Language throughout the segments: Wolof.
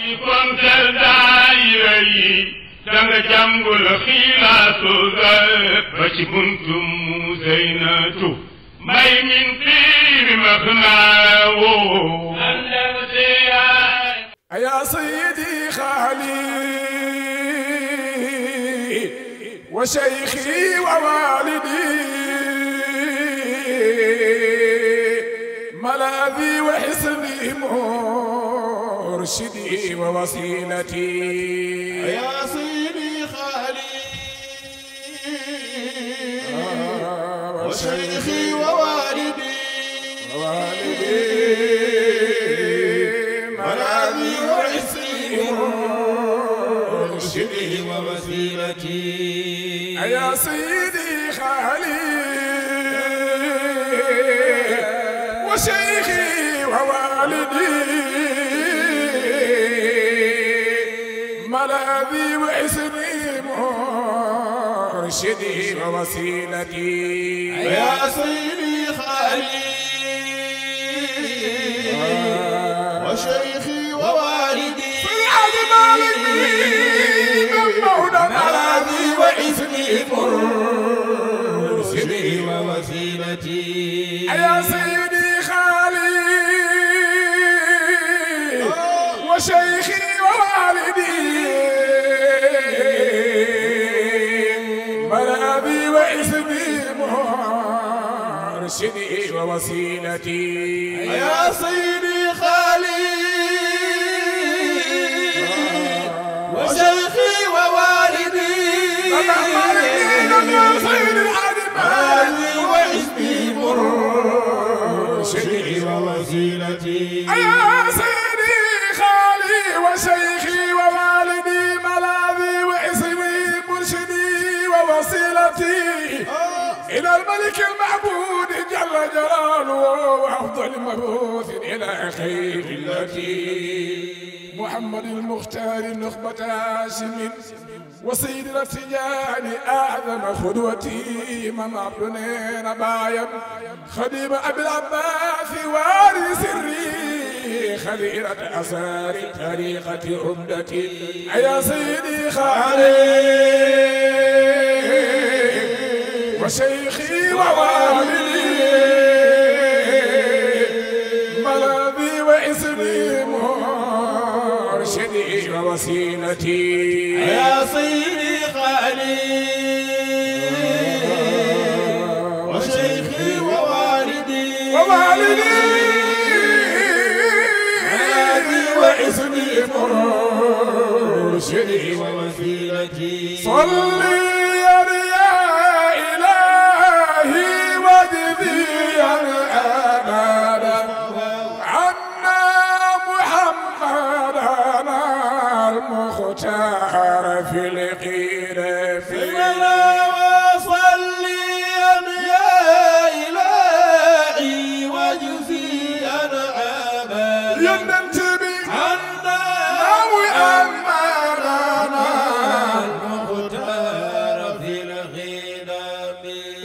kwamtar da ayyari daga jangul khila so zai bashi buntum mu zainatu mai min tsiri maknawo يا سيدي خالي وشيخي ووالدي ملاذي وحسني مو مرشدي ووسيلتي يا سيدي خالي وشيخي ووالدي ووالدي منامي وعسري مرشدي ووسيلتي يا سيدي حبيب وإسمي مرشدي ووسيلتي يا أصيلي خليلي وشيخي ووالدي في مالك من مولانا واسمي مرشدي مرشدي ووسيلتي يا سيدي خالي وشيخي ووالدي يا سيدي خالي وشيخي ووالدي ملاذي واسمي مرشدي ووسيلتي آه. الى الملك المعبود جلال وأفضل مبعوث إلى خير التي محمد المختار نخبة هاشم وسيد الارتجال أعظم خدوتي إمام عبدنين بايم خديم أبي العباس وارث سري خليلة أسار طريقة عمدتي يا سيدي خالي وشيخي ووالدي وسينتي يا صيدي خالي وشيخي ووالدي ووالدي هادي واسمي مرشدي ووسيلتي صلي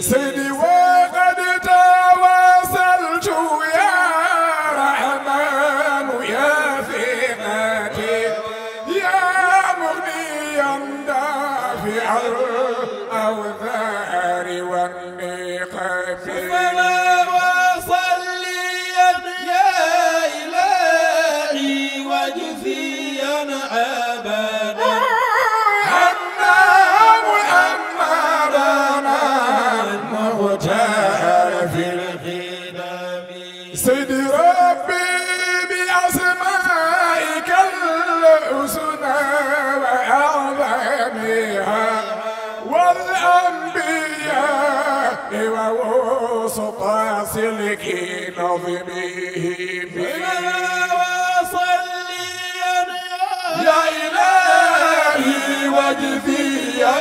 Say the word. بعظمه بنا وصليا يا إلهي واجزيا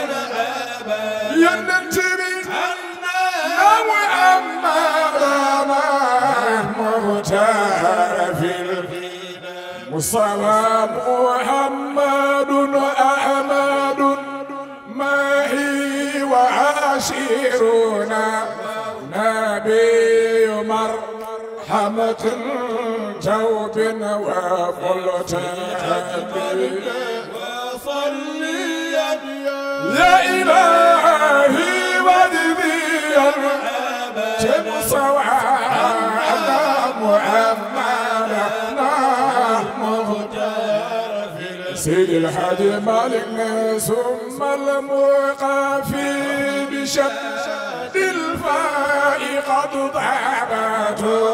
يا النجري أنا وأمرنا مغتار في المصاب وفلة جوب وفلة وصليا يا إلهي وذبيا شمس وعلى محمد مهجر في سيد الحادي مالك ثم الموقفين بشد الفائقة ضعبته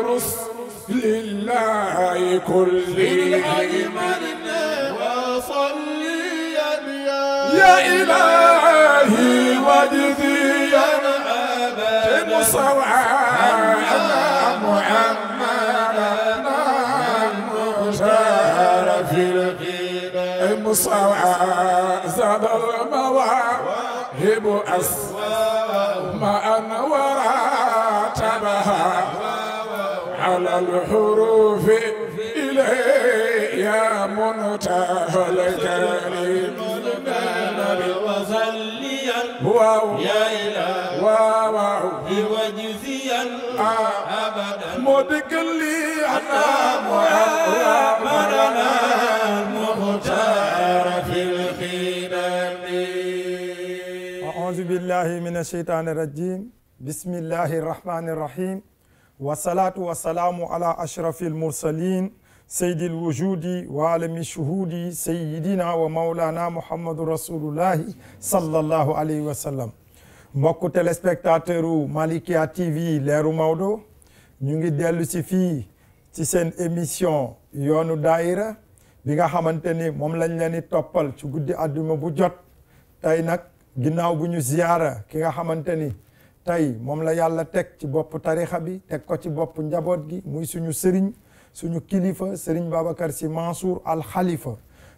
العرس لله كل الأيمن وصليا يا إلهي وجزيا أبدا مصرعا محمدا مشار في القيد مصرعا زاد المواهب أسوى ما أنوار الحروف إليه يا منتهى الكريم وصليا واو يا إله واو وجزيا آه. أبدا مدك لي أنا آه. مرنا المختار في الخدم أعوذ بالله من الشيطان الرجيم بسم الله الرحمن الرحيم والصلاة والسلام على أشرف المرسلين سيد الوجود وعالم الشهود سيدنا ومولانا محمد رسول الله صلى الله عليه وسلم مكو تلسبكتاترو مالكيا تي في ليرو مودو نيغي ديلو سي في سي سين ايميسيون يونو دايرا بيغا خامتاني موم لاني لاني توبال سي غودي ادومو بو جوت تاي ناك غيناو بو زياره كيغا خامتاني tey moom la yàlla teg ci bopp tarixa bi teg ko ci bopp njaboot gi muy suñu sëriñ suñu kilifa sëriñ Babacar Sy Mansour al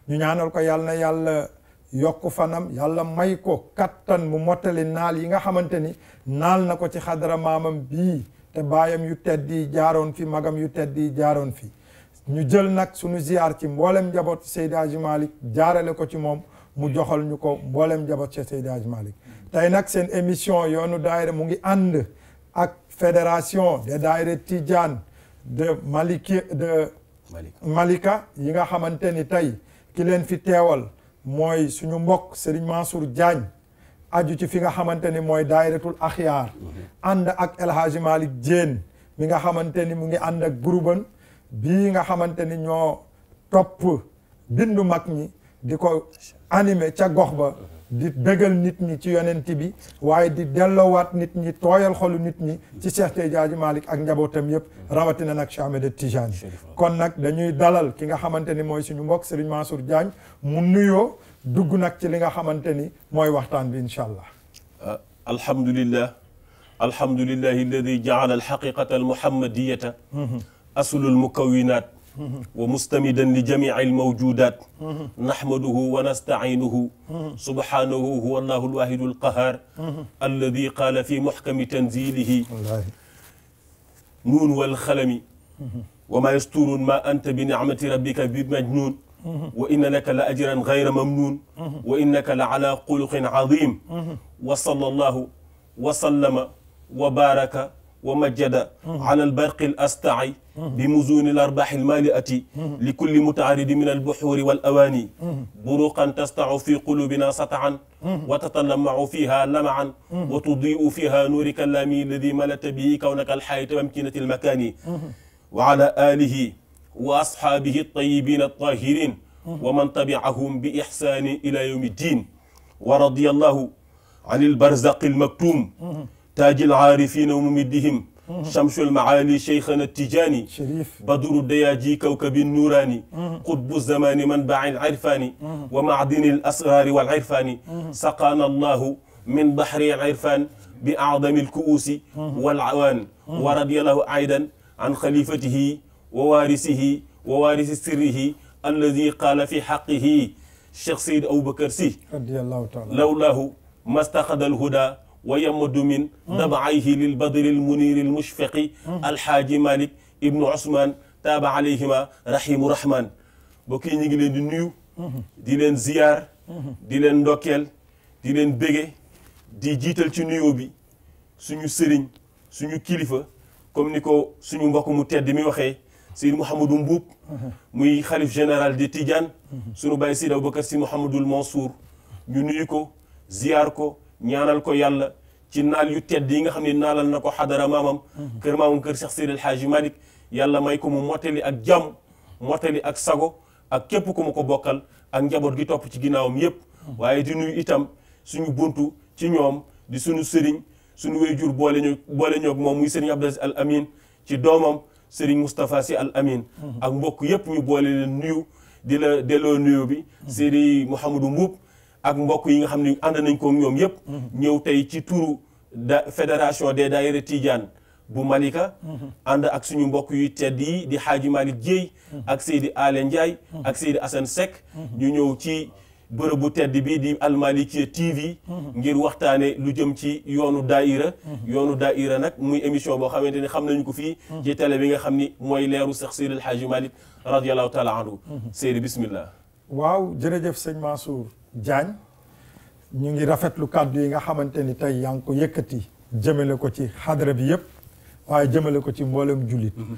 ñu ñaanal ko yàlla na yàlla yokk fanam yàlla may ko kattan mu mottali naal yi nga xamante ni naal na ko ci xadara maamam bii te baayam yu tedd yi jaaroon fi magam yu tedd yi jaaroon fi ñu jël nag suñu ziyaar ci mboolem njaboot Seydi Hadji Malick jaarale ko ci moom mu joxal ñu ko mboolem njaboot ci Seydi Hadji tey nag seen émission yoonu daayira mu ngi ànd ak fédération des daayira Tidiane de Maliki de Malika yi nga xamante ni tey ki leen fi teewal mooy suñu mbokk Serigne Mansour Diagne aju ci fi nga xamante ni mooy daayiratul axiyaar mhm. ànd ak El Hadji Malick mi nga xamante ni mu ngi ànd ak groupe bii nga xamante ni ñoo topp bindu mag ñi di ko animé ca gox ba mhm. di bëggal nit ñi ci yonent bi waaye di delloowaat nit ñi tooyal xolu nit ñi ci Cheikh Tidiane Malick ak njabootam yëpp rawatina nag Cheikh Ahmed Tidiane kon nag dañuy dalal ki nga xamante ni mooy suñu mbokk Serigne Mansour Diagne mu nuyoo dugg nag ci li nga xamante ni mooy waxtaan bi incha allah. Ah, alhamdulillah alhamdulillahi alladi jaala alxaqiqata almuhammadiyata mm-hmm. aslul mukawinaat ومستمدا لجميع الموجودات نحمده ونستعينه سبحانه هو الله الواحد القهار الذي قال في محكم تنزيله نون والخلم وما يستور ما أنت بنعمة ربك بمجنون وإن لك لأجرا غير ممنون وإنك لعلى خلق عظيم وصلى الله وسلم وبارك ومجد على البرق الأستعي بمزون الأرباح المالئة لكل متعرض من البحور والأواني بروقا تسطع في قلوبنا سطعا وتتلمع فيها لمعا وتضيء فيها نورك اللامي الذي ملت به كونك الحياة وامكنة المكان وعلى آله وأصحابه الطيبين الطاهرين ومن تبعهم بإحسان إلى يوم الدين ورضي الله عن البرزق المكتوم تاج العارفين وممدهم شمس المعالي شيخنا التجاني شريف بدر الدياجي كوكب النوراني قطب الزمان منبع العرفاني ومعدن الأسرار والعرفان سقانا الله من بحر العرفان بأعظم الكؤوس والعوان ورضي الله أيضا عن خليفته ووارثه ووارث سره الذي قال في حقه الشيخ سيد أبو بكر سي رضي الله تعالى لولاه ما استخذ الهدى ويمد من دمعيه للبدر المنير المشفق الحاج مالك ibnu Ousmane taaba alayhima rahimu rahman mbokk yi ñu ngi leen di nuyu di leen ziyaar di leen ndokkeel di leen bége di jiital ci nuyoo bi suñu sëriñ suñu kilifa comme ni ko suñu mbokk mu tedd mi waxee Seyid Mouhamadou Mbuub muy xalif général de Tidiane suñu bàyyi Seyid Aboubacar si Mouhamadul Mansour ñu nuyu ko ziyaar ko ñaanal ko yàlla ci naal yu tedd yi nga xam ne naalal na ko xadara maamam kër maamam kër Cheikh Seydil Hadji Malick yàlla may ko mu mottali ak jàmm mottali ak sago ak képp ku mu ko bokkal ak njaboot gi topp ci ginnaawam yëpp waaye di nuyu itam suñu buntu ci ñoom di suñu sëriñ suñu wéyjur boole ñu boole ñoog moom muy sëriñ Abdou Aziz Al Amin ci doomam sëriñ Moustapha Sy Al Amin ak mbokk yëpp ñu boole leen nuyu di la delloo nuyu bi sëriñ Mouhamadou Mbuub ak mbokk yi nga xam ne ànd nañ ko ñoom yëpp. ñëw tey ci turu da fédération des daayira Tidiane bu Malika. ànd ak suñu mbokk yu tedd yi di Xaaji Malick Dieye. ak Seydi Alen Ndiaye. ak Seydi Assane Seck. ñu ñëw ci bërëbu tedd bi di Almalikia TV. ngir waxtaane lu jëm ci yoonu daaira yoonu daaira nag muy émission boo xamante ne xam nañu ko fii. ci télé bi nga xam ni mooy leeru Seex Seydil Xaaji Malick radiyallahu taala anhu. Seydi bismillah. waaw jërëjëf sëñ Mansour. Diagne ñu ngi rafetlu kàddu yi nga xamante ni tey yaa ngi ko yëkkati jëmale ko ci xadra bi yëpp waaye jëmale ko ci mboolem jullit mhm.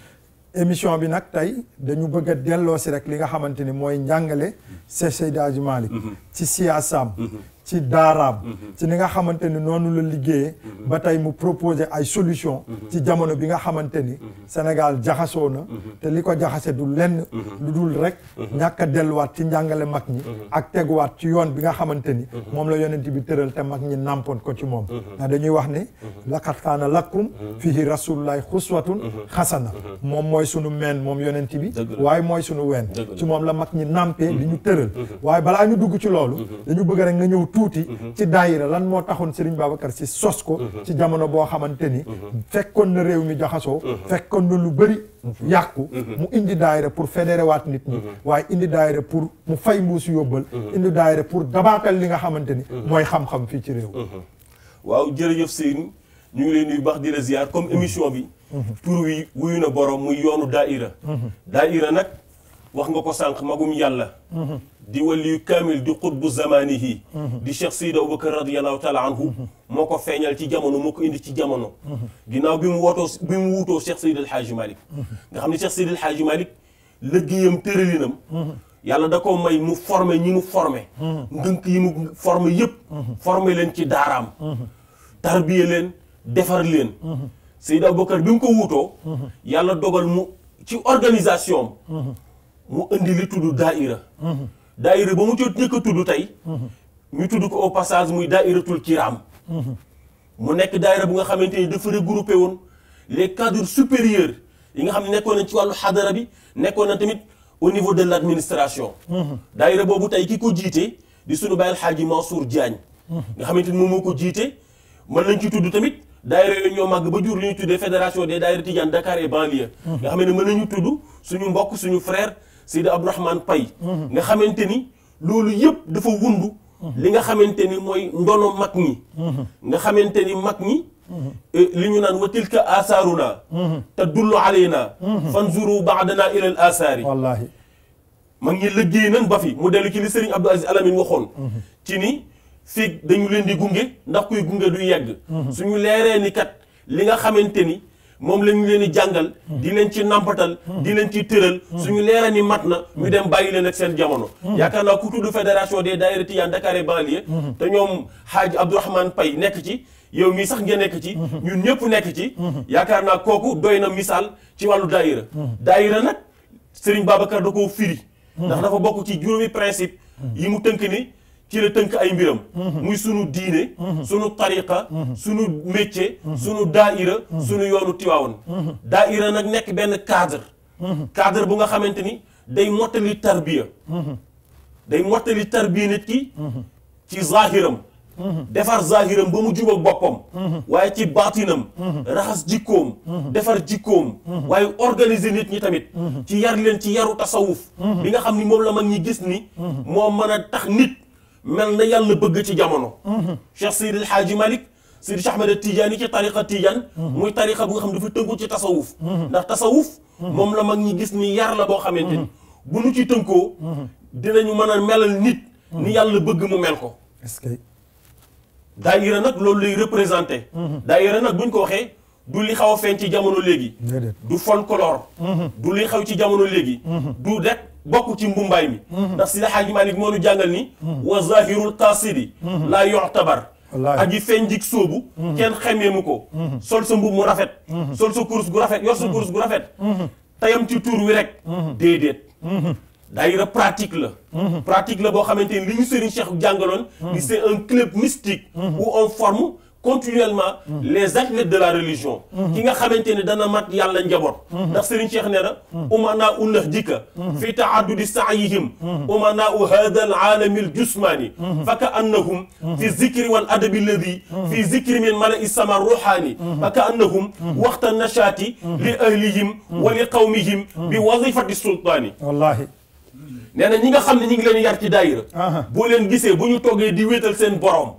émission bi nag tey dañu bëgg a delloo si rek li nga xamante ni mooy njàngale Cheikh Seydi Hadji Malick mhm. ci siyaasaam mhm. ci d'arab. Mhm. ci ni nga xamanteni nonu la liggéeyee mhm. ba tey mu proposer ay solution mhm. ci jamono bi nga xamanteni ni Sénégal jaxasoo na te li ko du lenn lu dul rek ñaka a ci jangale mak ñi ak teguwaat ci yoon bi nga xamanteni mom la yonent bi tëral te mak ñi nàmpoon ko ci mom dañuy wax ni laqad kaana lakum fihi rasulullahi xuswatun xasana mom moy suñu meen mom yonent bi waye moy suñu wène ci mom la mak ñi nampé li ñu tëral waye bala ñu dugg ci lolu dañu bëgg rek nga ñëw tuuti mhm. ci daayira lan moo taxoon Serigne Babacar si sos ko mhm. ci jamono boo xamante ni mhm. fekkoon na réew mi jaxasoo fekkoon na lu bëri yàqu mu indi daayira pour fédéré nit ñi waaye indi daayira pour mu fay mbuusu yóbbal indi daayira pour dabaatal li nga xamante ni mooy xam-xam fii ci réew waaw jërëjëf Serigne ñu ngi leen nuyu baax di la ziar comme émission bi pour wi wuyu na borom muy yoonu daayira daayira nag وخمغا كو سانخ ماغوم يالا دي ولي كامل دي قطب زمانه دي شيخ سيد ابو بكر رضي الله تعالى عنه موكو فينال تي جامونو موكو اندي تي جامونو غيناو بيم ووتو بيم ووتو شيخ سيد الحاج مالك غا خامني شيخ سيد الحاج مالك لغييم تريلينم يالا داكو ماي مو فورمي ني مو فورمي دنك يي مو فورمي ييب فورمي لين تي دارام تربيه لين ديفار لين سيد ابو بكر بيم ووتو يالا دوغال مو تي اورغانيزاسيون mu indi li tudd daaira mhm. daaira ba mu jot njëkk a tudd tey mhm. ñu tudd ko au passage muy daairatul kiraam mhm. mu nekk daaira bu nga xamante ni dafa regroupé woon les cadres supérieurs yi nga xam ne nekkoon na ci wàllu xadara bi nekkoon na tamit au niveau de l' administration daaira boobu tey ki ko jiite di sunu bàyyil xaaji Mansour Diagne nga xamante ni moom moo ko jiite mën nañ ci tudd tamit daayira yooyu ñoo mag ba jur li ñu tuddee fédération des daayira Tidiane Dakar et banlieue xam ne mën nañu tudd suñu mbokk suñu frère سيد عبد الرحمن باي nga xamanteni lolu loolu dafa wundu li nga xamanteni moy ndono mag ñi nga xamanteni ni ñi li ñu nan watil ka asaruna ta dullu alayna fanzuru ba'dana ila al asari wallahi ma ngi liggey nan ba fi mu delu ci li Serigne Abdou Aziz alamin waxon ci ni fi dañu leen di gunge ndax kuy gunge du yegg suñu léré ni kat li nga xamanteni moom la leen di jàngal di ci nampatal di leen ci tëral suñu leera ni mat na ñu dem bàyyi leen ak seen jamono yaakaar naa ku tudd fédération des daayira Tidiane Dakar et banlieue te ñoom Hadj Abdourahmane Pay nekk ci yow mii sax nga nekk ci ñun ñëpp nekk ci yaakaar naa kooku doy na misaal ci wàllu daayira daayira nag sëriñ Babacar da koo firi ndax dafa bokk ci juróomi principe yi mu tënk ni ci la teunk ay mbiram muy sunu diine sunu tariqa sunu métier sunu daaira sunu yoonu tiwaawoon daaira nak nek ben cadre cadre bu nga xamanteni day motali tarbiya day motali tarbiya nit ki ci zahiram defar zahiram ba mu jub ak boppam waye ci batinam rahas jikkoom defar jikkoom waye organiser nit ñi tamit ci yar leen ci yaru tasawuf bi nga xamni mom la mag ñi gis ni moo meuna tax nit من لا يلا بقى تي جامانو سير الحاج مالك سير شيخ احمد التيجاني كي طريقة تيجان موي طريقة بو خم دفو تنكو تي تصوف لا تصوف مملا لا ماغي غيس ني لا بو خامتين بو نو تي تنكو دي نانيو نيت نيال يلا بقى مو ملكو اسكي لي ريبريزونتي دايرة نك بو نكو وخي du li xaw fen ci jamono legui du fon color mhm. du li bokk ci mbumbaay mi mhm. ndax si la xaaji Maalik moo nu jàngal ni mhm. wa zahirul qasidi mhm. laa yu'tabar aji feeñ jik sóobu kenn xemeemu ko sol sa mbub mu rafet sol sa course gu rafet yor sa course gu rafet tayam ci tuur wi rek déedéet daayira pratique la pratique la boo xamante ni li ñu Serigne Cheikh jàngaloon ni un club mystique où on forme continuellement les athlètes de la religion qui nga xamante dana mat yàlla njabot ndax Serigne Cheikh nee na ulah dika fi ta'addudi sa'yihim umana hadha al'alam al jismani al fa annahum fi zikri wal adab alladhi fi zikri min mala sama ruhani fa ka waqt an-nashati li ahlihim wa li qawmihim bi wazifati sultani wallahi nee ñi nga xamni ñi ngi leen yar ci daayira bo leen gisee bu ñu toge di wétal seen borom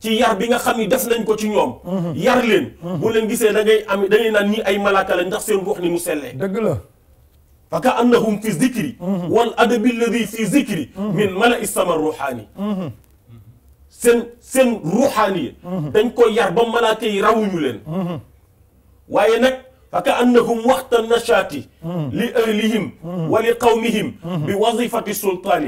ci yar bi nga xamni def nañ ko ci ñoom. yar leen. bu leen gisee da ngay am da ngay naan ni ay malaka la ndax seen wax ni mu sellee. deug la. fa ka annahum fi zikri. wal adabi alladhi fi zikri. min mala'i samar ruhani sen sen ruhani dañ ko yar ba malaka yi rawuñu leen. waye nak فكأنهم وقت النشاة لأهلهم ولقومهم بوظيفة السلطان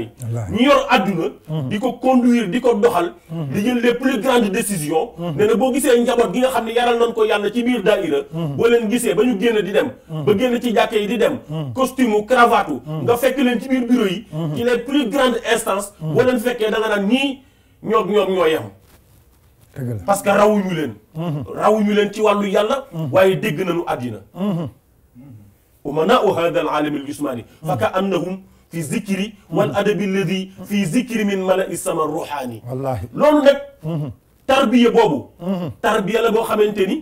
نيور أدنى ديكو كوندوير ديكو دوخال دي جيل لي بلو غراند ديسيزيون نينا بو غيسه نجابوت غيغا خامني يارال نانكو يالا تي بير دائره بو لين غيسه با نيو ген دي دم با ген سي جاكاي دي دم كوستيمو كرافاتو nga فك leen تي بير bureau yi ci les plus grandes instances boo leen fekkee da nga naan ñii ñoog ñoog parce que rawuñu len mhm. rawuñu yalla waye deg nañu ومناؤ هذا العالم الجسماني فكأنهم في ذكري والأدب الذي في ذكر من ملأ السماء الروحاني والله لون نك تربية بابو تربية لبو خمنتني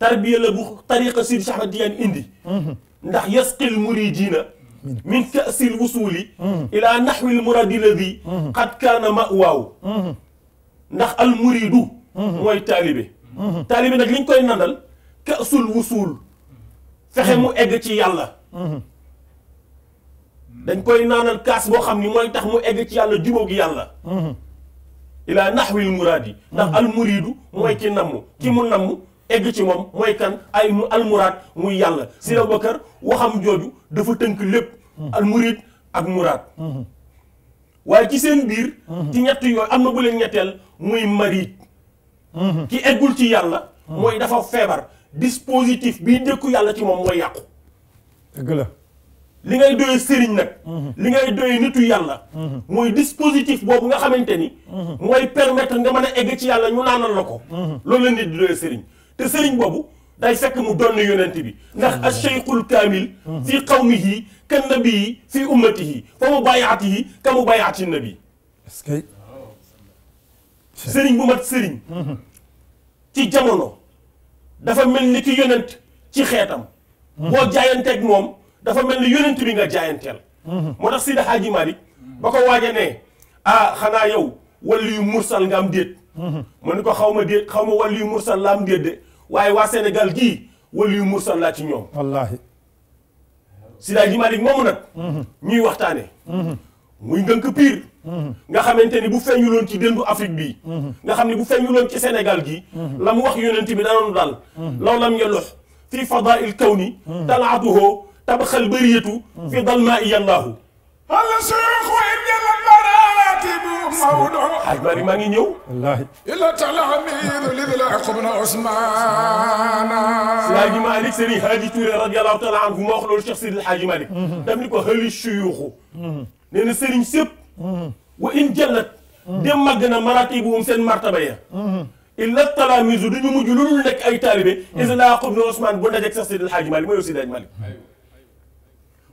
تربية لبو طريقة سيد شعب الديان اندي نح يسقي المريدين من كأس الوصول إلى نحو المراد الذي قد كان مأواه ndax al muridu mooy taalibe taalibe nag liñ koy nandal kasul wusuul fexe mu egg ci yàlla dañ koy naanal kaas boo xam ni mooy tax mu egg ci yàlla jubóog yàlla ilaa naxwil muraad yi ndax al muridu mooy ki namm ki mu namm egg ci moom mooy kan ay mu almuraad muy yàlla si Abubakar waxam jooju dafa tënk lépp almurid ak muraad waaye ci seen biir. ci ñett yooyu am na bu leen ñetteel muy marit ki eggul ci yàlla. mooy dafa feebar dispositif biy dékku yàlla ci moom mooy yàqu. dëgg la. li ngay doyee sëriñ nag. li ngay doyee nitu yàlla. mooy dispositif boobu nga xamante ni. mooy permettre nga mën a egg ci yàlla ñu naanal la ko. loolu la nit di doyee sëriñ te sëriñ boobu day fekk mu doon yonent bi ndax mm-hmm. asheykhul kaamil. mi qawmihi كالنبي في أمته فمبايعته كمبايعة النبي اسكي سيرين بومات سيرين تي جامونو دا فا ملني كي يوننت تي خيتام بو جايانتك موم دا فا ملني يوننت بيغا جايانتل مو تخ سيد حاجي مالك باكو واجي ني اه خنا يو ولي مرسل غام ديت مانيكو خاوما ديت خاوما ولي مرسل لام ديت واي وا سينيغال جي ولي مرسل لا تي نيوم والله Sida ji yi moomu nag. ñuy waxtaanee. muy ndënk piir nga xamante ni bu feeñuloon ci dëndu Afrique bii. nga xam ni bu feeñuloon ci senegal gii. lam mu wax yonent bi danoon daal. law lam yalux fi fadail kawni. talaatuhoo tabaxal bariyatu fi dalmaa iyallaahu. ala حبري ما نيو الله الا تلامير لذل عقبنا عثمان سيدي مالك سري هادي توري رضي الله تعالى عنه ما خلو الشيخ سيدي الحاج مالك تملك هل الشيوخ نين سيرين سيب وان جلت دم مغنا مراتبهم سن مرتبه يا الا التلاميذ دي مجلول لك اي طالب اذا عقبنا عثمان بو داك سيدي الحاج مالك ما يوسي داك مالك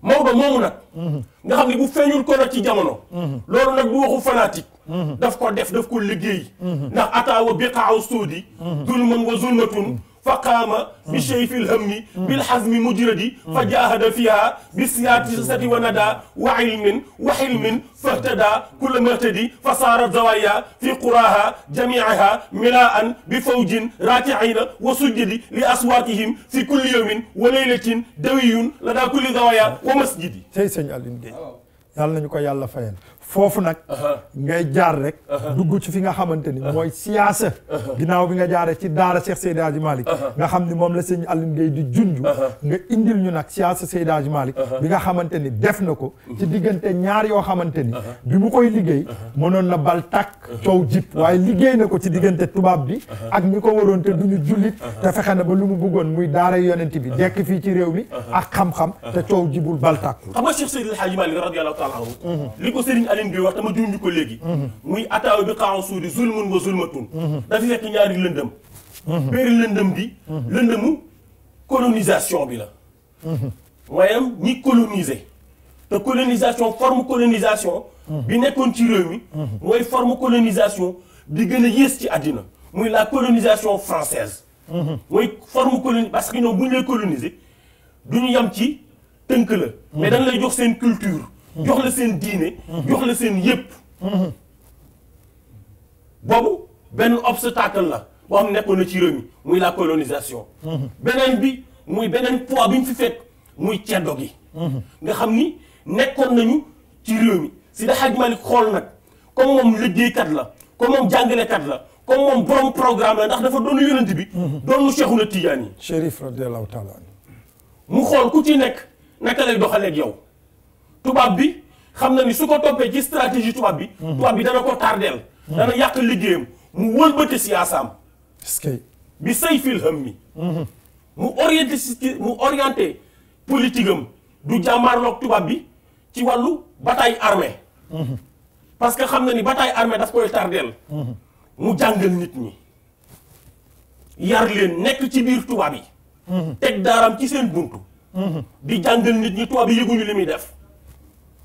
Maodo moomu nag. nga xam ne bu feeñul ko nag ci jamono. loolu nag du waxu fanatique. daf ko def daf ko liggéey. ndax ataawa biqaaw suudi. dulman wa zulmatun فقام بشيف الهم بالحزم مجرد فجاهد فيها بالسياسة وندى وعلم وحلم فاهتدى كل اهتدي فصارت زوايا في قراها جميعها ملاء بفوج راتعين وسجد لأصواتهم في كل يوم وليلة دوي لدى كل زوايا ومسجد. tey sëñ Alioune Guèye foofu nag ngay jaar rek dugg ci fi nga xamante ni mooy siyaasa ginnaaw bi nga jaaree ci daara Cheikh Seydi Hadji Malick nga xam ni moom la sëñ Alioune Gueye di junj nga indil ñu nag siyaasa Seydi Hadji Malick bi nga xamante ni def na ko ci diggante ñaar yoo xamante ni bi mu koy liggéey moo mënoon na bal tàkk coow jip waaye liggéey na ko ci diggante tubaab bi ak ñi ko waroon te duñu jullit te fexe na ba lu mu bëggoon muy daara yonent bi dekk fii ci réew mi ak xam-xam te coow jibul bal tàkk xam nga Cheikh Seydi bi wax ko muy bi zulmun zulmatun colonisation bi la coloniser te colonisation forme colonisation bi nekkoon ci forme colonisation di gën a yées ci la colonisation française mooy forme parce que ñoom bu lay coloniser yam ci la mais dañ lay jox culture jox la seen diine. jox la seen yépp boobu benn obstacle la boo xam nekkoon na ci la colonisation. beneen bi muy beneen poids bi fi fekk muy ceddo gi. nga xam nañu ci si da Hadj Malick xool nag comme des la comme moom jàngalekat la. comme moom borom programme ndax dafa doon yonent bi. Tidiane tubaab bi xam na ni su ko toppee ci stratégie tubaab bi. Mhm. tubaab bi dana ko tardeel. dana yàq liggéeyam mu wëlbati siyaasaam. que bi say fil mi. Mhm. mu orienté si mu orienté politique am du jàmmaarloog tubaab bi ci wàllu bataille armée. Mhm. parce que xam na ni bataille armée daf koy tardeel. mu jàngal nit ñi. yar leen nekk ci biir tubaab yi. teg daaram ci seen buntu. di jàngal nit ñi tubaab yi yëguñu li muy def.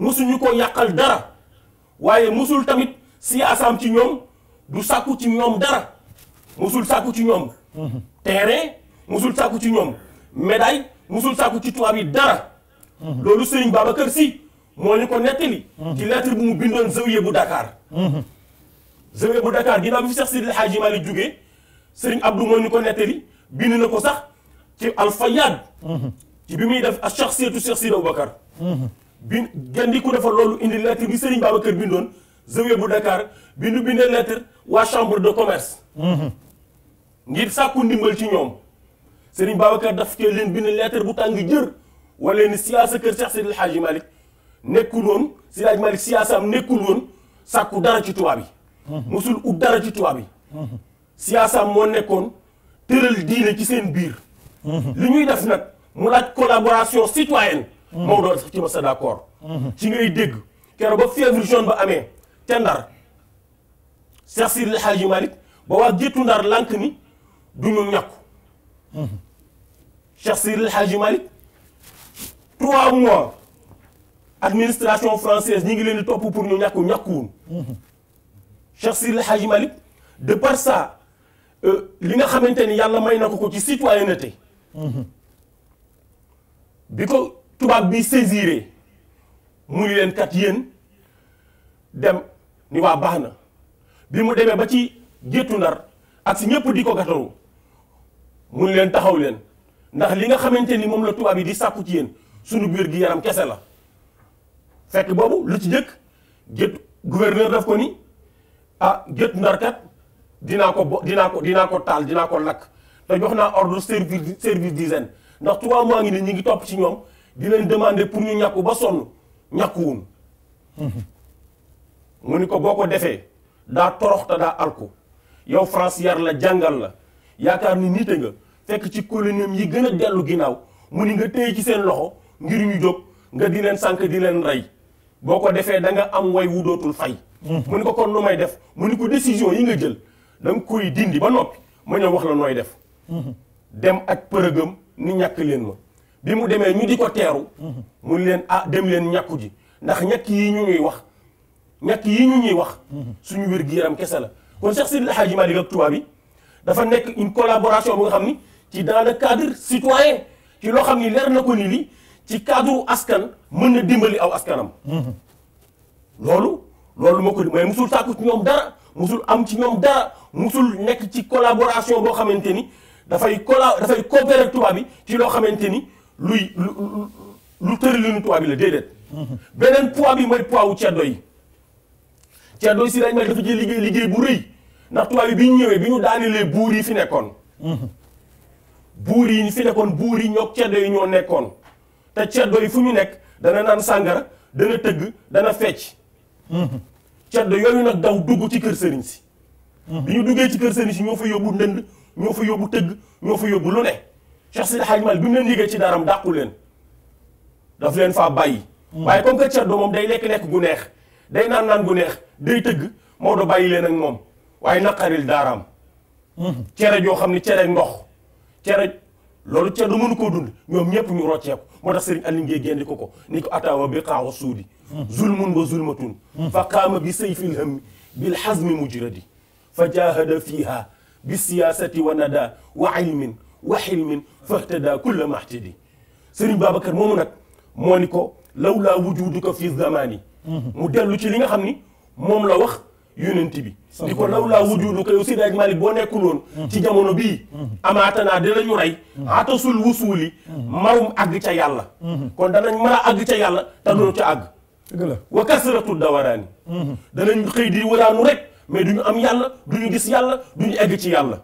mësuñu ko yàqal dara waaye mësul tamit siyaasaam ci ñoom du sàkku ci ñoom dara mësul sàkku ci ñoom terrain mësul sàkku ci ñoom médaille mësul sàkku ci tubaab yi dara loolu Serigne Babacar Sy moo ñu ko nettali ci lettre bu mu bindoon zawiye bu Dakar zawiye bu Dakar ginnaaw bi fi Seex Sidil Haaji Maalik jógee Serigne Abdou moo ñu ko nettali bind na ko sax ci Al Fayyad mhm. ci bi muy def ak Seex Seetu Seex Sidi Abubakar bi gandiku dafa loolu indi lettre bi Serigne kër bindoon zawiya bu Dakar bi nu bindee lettre waa chambre de commerce. ngir sàkku ndimbal ci ñoom. Serigne Babacar daf cee leen bind lettre bu tàng jër wala ni siyaasa kër Cheikh Seydil Hadji Malick nekkul woon Seydil Hadji Malick siyaasaam nekkul woon sàkku dara ci tubaab yi. mosul ut dara ci tubaab yi. siyaasaam moo nekkoon tëral diine ci seen biir. li ñuy def nag mu laaj collaboration citoyenne. Maodo sax ci ma sa d'accord ci ngay dégg keroog ba fièvre jaune ba amee ca ndar Cheikh Siril Hadji Malick ba waa géttu ndar lànk ni duñu ñàkku Cheikh Siril Hadji Malick trois mois administration francaise ñi ngi leen di topp pour ñu ñàkku ñàkkuwun Cheikh Siril Hadji Malick de par ça euh, li nga xamante ni yàlla may na ko ko ci citoyenneté mhm. bi ko tubaab bi saisiré mu ni leen kat yéen dem ni waa baax na bi mu demee ba ci géttu ndar ak si ñëpp di ko gàttaru mu leen taxaw leen ndax li nga xamante ni moom la tubaab yi di sàkku ci yéen sunu biir gi yaram kese la fekk boobu lu ci njëkk gétt gouverneur daf ko ni ah géttu ndar kat dinaa ko bo dinaa ko dina ko taal dinaa ko lakk te jox naa ordre service service d'hygiène ndax trois mois ngi ni ñu ngi topp ci ñoom di leen demander pour ñu ñàkku ba sonn ñàkkuwun mu ni ko boo ko defee daa torox daa alku yow France yar la jàngal la yaakaar ni nite nga fekk ci colonium yi gën a dellu ginnaaw mu ni nga téye ci seen loxo ngir ñu jóg nga di leen sànq di leen rey boo ko defee da nga am woy wu dootul fay mu ni ko kon nu may def mu ni ko décision yi nga jël da nga koy dindi ba noppi ma ñëw wax la nooy def dem ak përëgëm ni ñàkk leen ma bi mu demee ñu di ko teeru mu leen ah dem leen ñàkku ji ndax ñàkk yi ñu ñuy wax ñàkk yi ñu ñuy wax suñu wér gi yaram kese la kon Cheikh Sidi El Hadji Malick ak tubaab bi dafa nekk une collaboration bu nga xam ni ci dans le cadre citoyen ci loo xam ni leer na ko ni li ci cadre askan mën na dimbali aw askanam loolu loolu moo ko di mooy musul sàkku ci ñoom dara musul am ci ñoom dara musul nekk ci collaboration boo xamante ni dafay colla dafay coopérer tubaab bi ci loo xamante ni luy lu lu tëralinu poids bi la déedéet. beneen poids bi mooy poids wu ceddo yi ceddo yi si dañ may dafa ci liggéey liggéey bu rëy ndax tubaab yi bi ñu ñëwee bi ñu daanelee buur yi fi nekkoon. buur yi fi nekkoon buur yi ñoo ceddo yi ñoo nekkoon te ceddo yi fu ñu nekk dana naan sàngara dana tëgg dana fecc. ceddo yooyu nag daw dugg ci kër sëriñ si. bi ñu duggee ci kër sëriñ si ñoo fa yóbbu ndënd ñoo fa yóbbu tëgg ñoo fa yóbbu lu ne. Cheikh Sidi Hadj Mal bi mu leen liggéey ci daram dàqu leen daf leen faa bàyyi. waaye comme que Thierno moom day lekk-lekk gu neex day naan naan gu neex day tëgg Maodo bàyyi leen ak moom waaye naqaril daaraam. cere joo xam ne cere ndox cere loolu cere mënu koo dund ñoom ñëpp ñu rocceeku moo tax Serigne Aline Gueye génn ko ko ni ko ataawa bi qaawa suudi. zulmun wa zulmatun. fa qaama bi sayfil hammi bil hazmi mujradi fa jaahada fiiha bi siyaasati wa nada wa ilmin wa xilmin fahtada kulla mahtadi sëriñ Babacar moomu nag moo ni ko lawlaa wujuduka fi zamani mu dellu ci li nga xam ni moom la wax yonent bi di ko lawlaa wujuduka yow Seydi Hadji Malick boo nekkul woon ci jamono bii amaatanaa dinañu rey atasul wusuuli marum àgg ca yàlla kon danañ mën a àgg ca yàlla te duñu ca àgg wa kasratu dawaraani danañ xëy di waraanu rek mais duñu am yàlla duñu gis yàlla duñu egg ci yàlla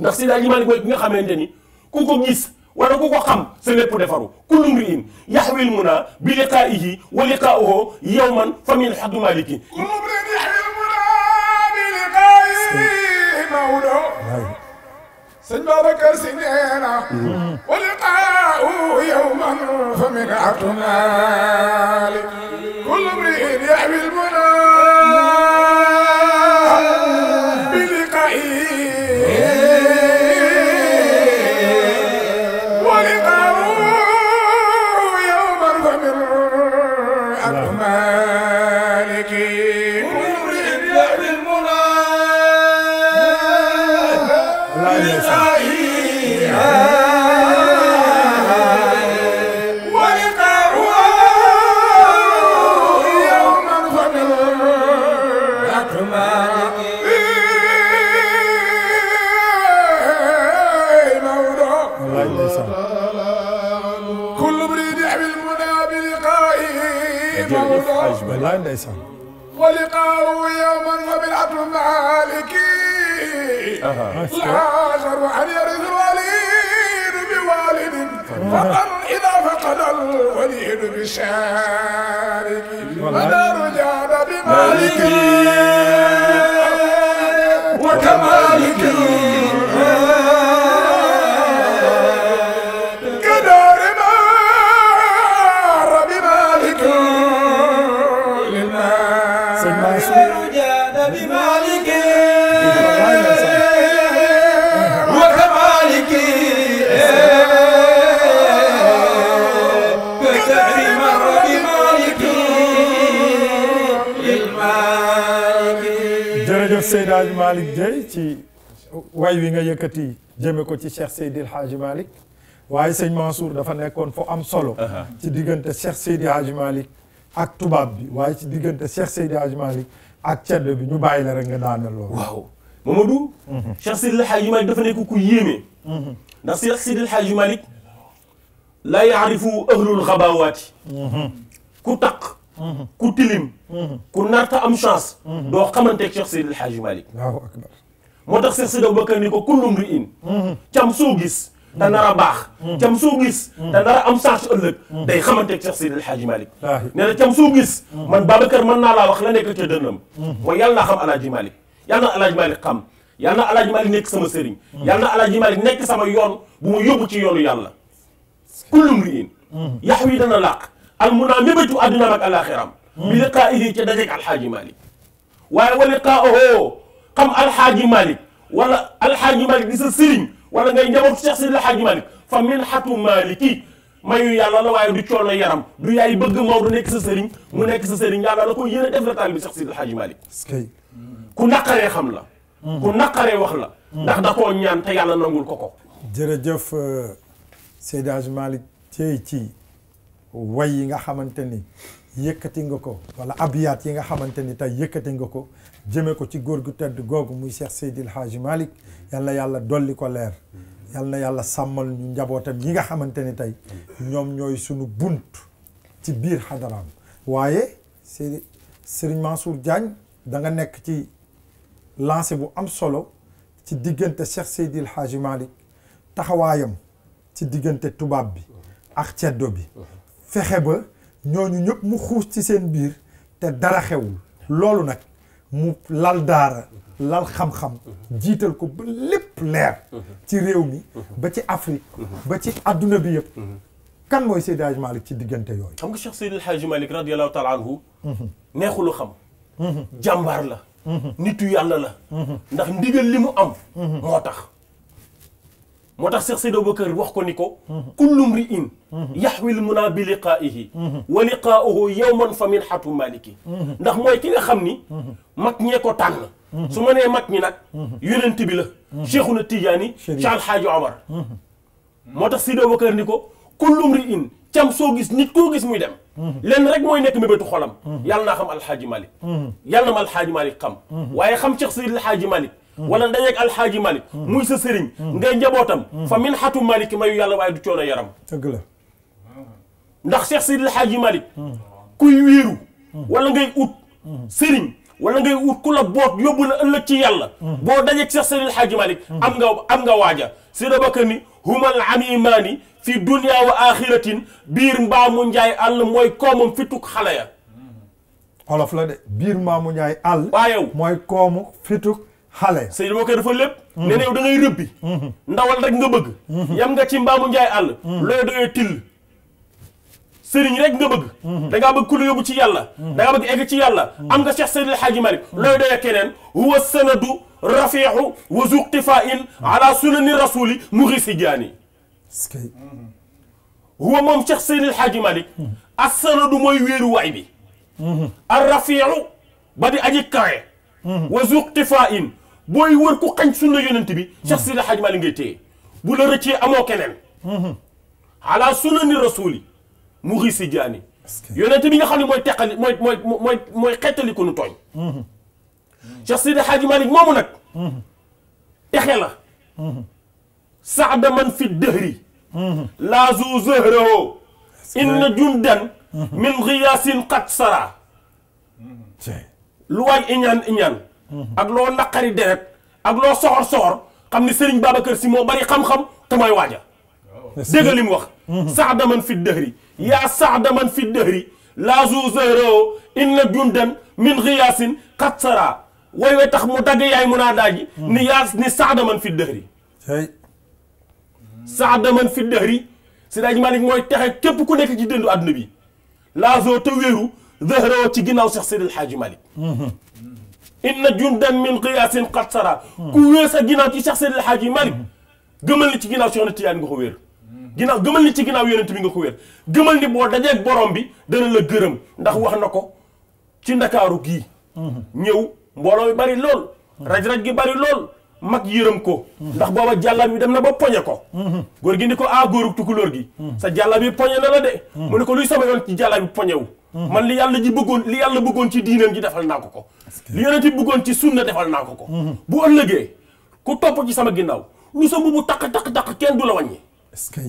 ndax si daal limaani gooy bi nga xamante ni ku ko gis wala ku ko xam sa lépp defaru kullu mri'in yaxwil muna bi liqaa'ihi wa liqaa'uhu yawman fa min xaddu maliki سن بابكر سنينا ولقاؤه يوما فمن عبد مالك كل امرئ يحوي المنى ndeysaan ولقاء يوم فبالعبد المالك الآخر وأن يرث الوليد بوالد فقر إذا فقد الوليد بشارك فلا رجال بمالك وكمالك سيداج مالك جاي تي واي ويغا ييكتي جيمي كو تي شيخ سيد الحاج مالك واي سيغ منصور دا فا نيكون فو ام سولو تي ديغنت شيخ سيد الحاج مالك اك واي تي ديغنت شيخ سيد الحاج مالك اك تياد بي ني بايل رك واو مامادو شيخ سيد الحاج مالك دا فا كو ييمي دا سيد الحاج مالك لا يعرف اهل الغباوات كو ku tilim ku narta am chance doo xamanteeg Cheikh Seydil Hadji Malick moo tax Cheikh Sidi Aboubacar ni ko kullum ri in cam soo gis te nar a baax cam soo gis te nar a am chance ëllëg day xamanteeg Cheikh Seydil Hadji Malick nee na cam soo gis man Babacar mën naa laa wax la nekk ca dënnam mooy yàlla naa xam Alaaji Malick yàlla na Alaaji Malick xam yàlla na Alaaji Malick nekk sama sëriñ yàlla na Alaaji Malick nekk sama yoon bu ma yóbbu ci yoonu yàlla kullum ri in yax wi dana làq المنا مبتو أدنى مك على خيرام ملقائه تدجك الحاج مالك ولقاؤه قم الحاج مالك ولا الحاج مالك ليس سيرين ولا غاي نجاوب شخص الحاج مالك فمن حط مالكي ما يو يالا لا واي دو تشول يارام دو ياي بغ مو نيك سي سيرين مو نيك سي سيرين يالا لا كو يينا ديف لا طالب شخص الحاج مالك سكاي كو نقاري خم لا كو نقاري واخ لا داك داكو نيان تا يالا نانغول كوكو جيرجيف سيداج مالك تي تي way yi nga xamante ni yëkkati nga ko wala abiyaat yi nga xamante ni tey yëkkati nga ko jëme ko ci góor gu tedd googu muy Cheikh Seydil Hadji Malick yal na yàlla dolli ko leer yal na yàlla sàmmal ñu njabootam yi nga xamante ni tey ñoom ñooy sunu bunt ci biir xadaraam waaye Seydi Serigne Mansour Diagne da nga nekk ci lancé bu am solo ci diggante Cheikh Seydil Hadji Malick taxawaayam ci diggante tubaab bi ak ceddo bi fexe ba ñooñu ñëpp mu xuus ci seen biir te dara xewul loolu nag mu lal daara lal xam-xam jiital ko ba lépp leer ci réew mi ba ci Afrique ba ci adduna bi yëpp kan mooy Seydi Hadj Malick ci diggante yooyu xam nga Cheikh Seydi El Hadj Malick radiyallahu taala anhu neexulu xam jàmbaar la nitu yàlla la ndax ndigal li mu am moo tax moo tax Cheikh Seydou Bakar wax ko ni ko kullu mri'in yaxwil munaa bi liqaa'ihi wa liqaa'uhu yawman fa minhatu maliki ndax mooy ki nga xam ni mag ñee ko tànn su ma nee mag ñi nag yonent bi la Cheikhuna Tijaani Cheikh Alxaaji Omar moo tax Seydou Bakar ni ko kullu mri'in cam soo gis nit koo gis muy dem lenn rek mooy nekk mébétu xolam yàlla naa xam alxaaji Malick yàlla na ma alxaaji Malick xam waaye xam Cheikh Seydil Alxaaji Malick ولا نديك الحاج مالك موي سا سيرين نغا نجابوتام فمن حت مالك ما يالا واي دو تيونا يارام دغلا ندخ شيخ سيد الحاج مالك كوي ويرو ولا نغاي اوت سيرين ولا نغاي اوت كولا بوت يوبنا الله تي يالا بو دانيك شيخ سيد الحاج مالك امغا امغا واجا سيد بكر ني هما العميمان في دنيا واخره بير مبام نجاي الله موي كومم فيتوك خلايا خلاف لا دي بير مامو نجاي الله موي كومو فيتوك xale sëy da moo koy defal lépp nee na yow da ngay rëbbi ndawal rek nga bëgg yam nga ci mbaamu njaay àll looy doyee till sëriñ rek nga bëgg da ngaa bëgg ku la yóbbu ci yàlla da ngaa bëgg egg ci yàlla am nga Cheikh Seydil Hadji Malick looy doyee keneen huwa sanadu rafiixu wa zuqtifain ala sunani rasuli muxisi jaani huwa moom Cheikh Seydil Hadji Malick assanadu mooy wéeruwaay bi ar rafiixu ba di aji kawe wa zuqtifain boy wër ku xagn sunna yonent bi Cheikh Sidi hadji Malick ngay téye bu la rëccee amoo keneen ala sunani rasuli mu ri si yonent bi nga xamni moy mooy moy moy moy moy xétali ko nu tooñ Cheikh Sidi Hadj Malick moomu nag texe la sa'da man fi dahri la zu zëhrahoo in jundan min riyaasin qad sara lu waay iñaan iñaan ak loo naqari deret ak loo soxor soxor xam ni Serigne Babacar Sy moo bari xam-xam te mooy waaja dégg li mu wax saada man fi dëhri yaa saada man fi dëhri laa zo zero inna jundan min ghiyaasin qad sara way way tax mu dagg yaay mun aa daaji ni yaa ni saada man fi dëhri saada man fi dëhri si daaji Malick mooy texe képp ku nekk ci dëndu àdduna bi laa zo te wéeru zero ci ginnaaw Cheikh Seydil Hadji Malick inna jundan min qiyaasin qad sara ku wées a ginnaaw ci Cheikh Seydi El Hadji Malick gëmal ni ci ginnaaw Cheikh na Tijaan nga ko wéer ginnaaw gëmal ni ci ginnaaw yonent bi nga ko wéer gëmal ni boo dajeeg borom bi dana la gërëm ndax wax na ko ci ndakaaru gii ñëw mbooloo mi bari lool raj-raj gi bari lool mag yërëm ko ndax booba jàllaab bi dem na ba poñe ko góor gi ni ko a ah, góorug tukulóor gi sa jàllaab bi poñe na la de mu ne ko luy sama yoon ci jàllaab bi poñewu Mhm. man li yàlla ji bëggoon li yàlla bëggoon ci diinam ji defal naa ko ko li yonent bi bëggoon ci sunna defal naa ko ko mhm. bu ëllëgee ku topp ci sama ginnaaw lu sa mbubu takk takk takk kenn du la wàññi est-ce que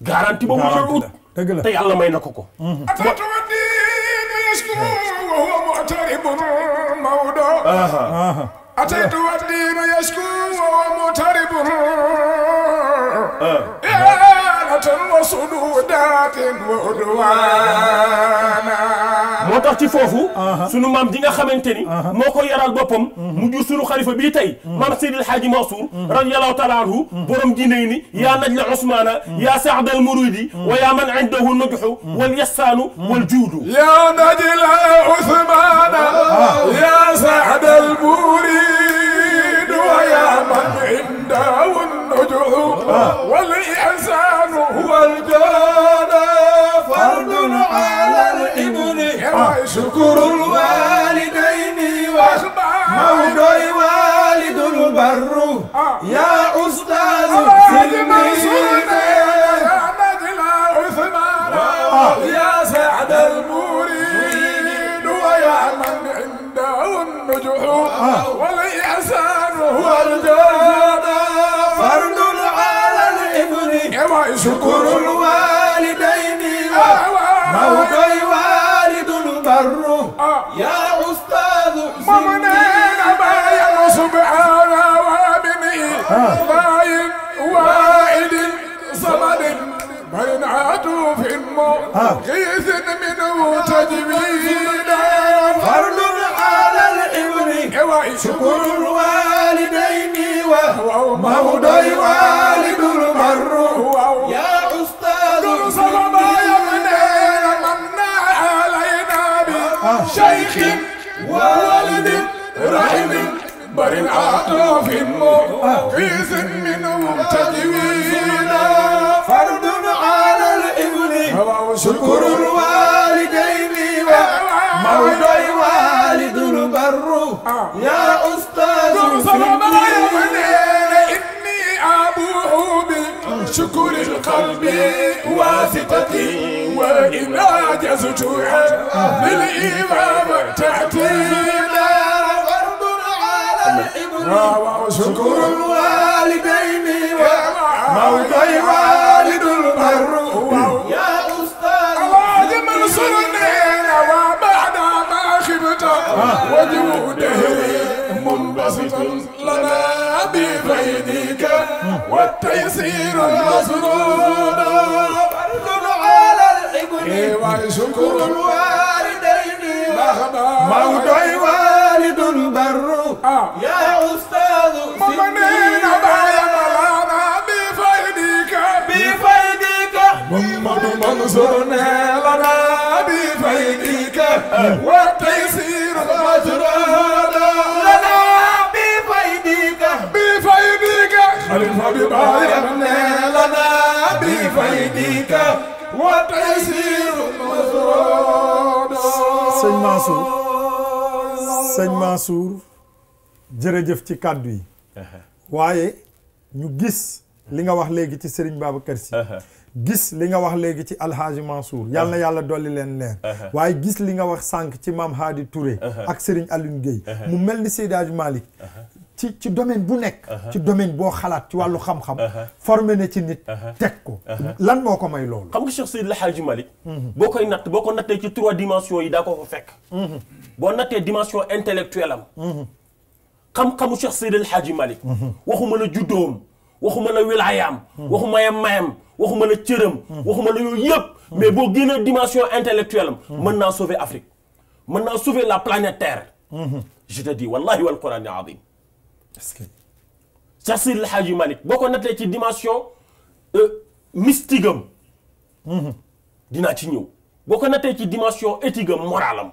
garanti ba mu doon ut dëgg te yàlla may na ko ko mhm. atatawaddi yashkuru wa huwa mu'taribun mawdo atatawaddi yashkuru wa huwa mu'taribun moo tax ci fofu sunu mam di nga xamanteni moko yaral bopam mu jur sunu xalifa bii tey. maam Seydil Hadji Mansour. radiyallahu taala hu borom diine ni ya najla usmana ya sa'd al muridi. wa ya man indahu nujxu. wal yasaanu wal juudu. ya najla usmana ya sa'd al muridi. wa ya man indahu nujxu. wal yasaanu. هو الجنة فرض على الابن شكر الوالدين ومولاي والد البر يا أستاذ سلمي آه. يا سعد المريد ويا من عنده النجوح آه. شكر الوالدين موتي والد بر يا أستاذ ممنين باين سبحان وابني آه. باين وائد صمد بين عطوف آه. مغيث منه تجميل فرد على الإبن شكر حكيم ووالد رحم بر العطوف في من تدوينا فرد على الابن شكر الوالدين ومولى والد البر يا استاذ اني ابوه شكر القلب واثقتي وإن عجزت بالإمامة تعتيما وفرض على الابن وشكر الوالدين وموضي والد البر يا استاذ الله منصرني وبعد ما خبت وجه دهري منبسط لنا بفيدك والتيسير المسرور فرض على الابن إيه وشكر الوالدين موضوع والد بر آه. يا أستاذ مؤمنين بايا مولانا بفيدك بفيدك محمد منصورنا لنا بفيدك والتيسير مجرى لنا بفيدك بفيدك خليفة ببايا لنا بفيدك وتيسير مجرى سيد منصور سيد Mansour jërëjëf ci kàddu yi waaye ñu gis li nga wax léegi ci Serigne Babacar Sy gis li nga wax léegi ci alhaaji Mansour yal na yàlla dolli leen leer waaye gis li nga wax sànq ci maam Hadi Touré ak Serigne Alioune Gueye mu mel ni Seydi ci ci domaine bu nek ci domaine bo xalat ci walu xam xam-xam formé na ci nit tek ko lan moko may lolou xam nga Cheikh seydou El malik bokoy nat boko naté ci trois dimensions yi da ko fa fekk boo nattee dimension intellectuelle am xam-xamu Cheikh Seydil Hadji Malik waxuma la djoudom waxuma la wilayam waxuma yam mayam waxuma la cëram waxuma la yooyu yëpp mais bo génnee dimension intellectuelle am sauver Afrique mën sauver la planète Terre je te dis wallahi wal quran azim est-ce que Cheikh Seydil Hadji Malik boko naté ci dimension euh, mystique am mhm. dina ci ñew boko naté ci dimension éthique am moral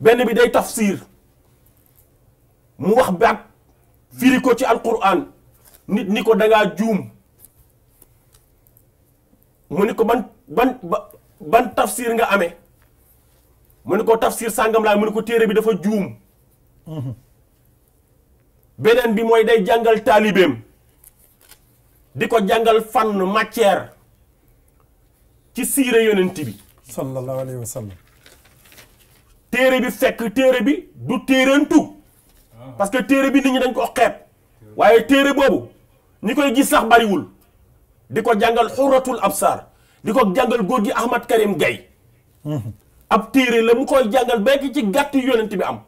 ben bi day tafsir mu wax baat firi ko ci alquran nit ni ko nga mu ni ban ban ban tafsir nga amé mu ni tafsir sangam la mu ni ko téere bi dafa juum mhm. benen bi moy day jangal talibem diko jangal fan matière ci sire bi sallallahu alaihi wasallam. téré bi fekk téré bi du téereentu parce que téré bi nit ñi dañ ko xeeb waaye téré boobu ni koy gis sax bariwul di ko jàngal xuratul absar di ko jàngal góor gi Ahmad Karim Gaye ab téré la mu koy jàngal béyki ci gàtt yonent bi am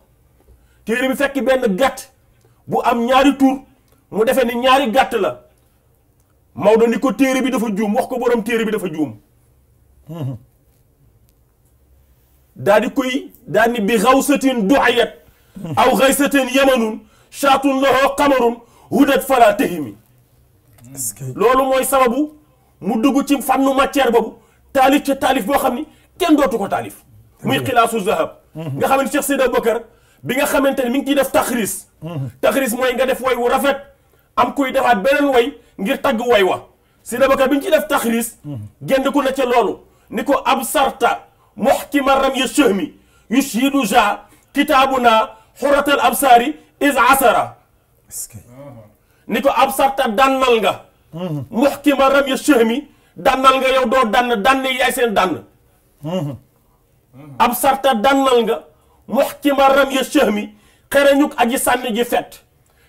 téré bi fekk benn gàtt bu am ñaari tour mu defee ni ñaari gàtt la Maodo ni ko téere bi dafa juum wax ko borom téere bi dafa juum daa koy daa ni bi xawsatin duayat aw xaysatin yamanun shaatun lahu qamarun hudat fala tahimi loolu mooy sababu mu dugg ci fànnu matière boobu taalif ca taalif boo xam ni kenn dootu ko taalif muy xilaasu zahab mhm. nga xam ne Cheikh Seydi Aboubacar bi nga xamante ne mi ngi ciy def taxris mhm. taxris mooy nga def way wu rafet am kuy defaat beneen way ngir tagg way wa Seydi Aboubacar bi ñu ciy def taxris mhm. génn ku na ca loolu ni ko absarta محكم الرمي الشهمي يشهد جاء كتابنا حرة الأبصار إذ عسرة نكو أبصار تدن نلغا محكم الرمي الشهمي دن نلغا يو دو دن دن ياسين دن أبصار تدن نلغا محكم الرمي الشهمي خرنيوك أجي ساني جي فت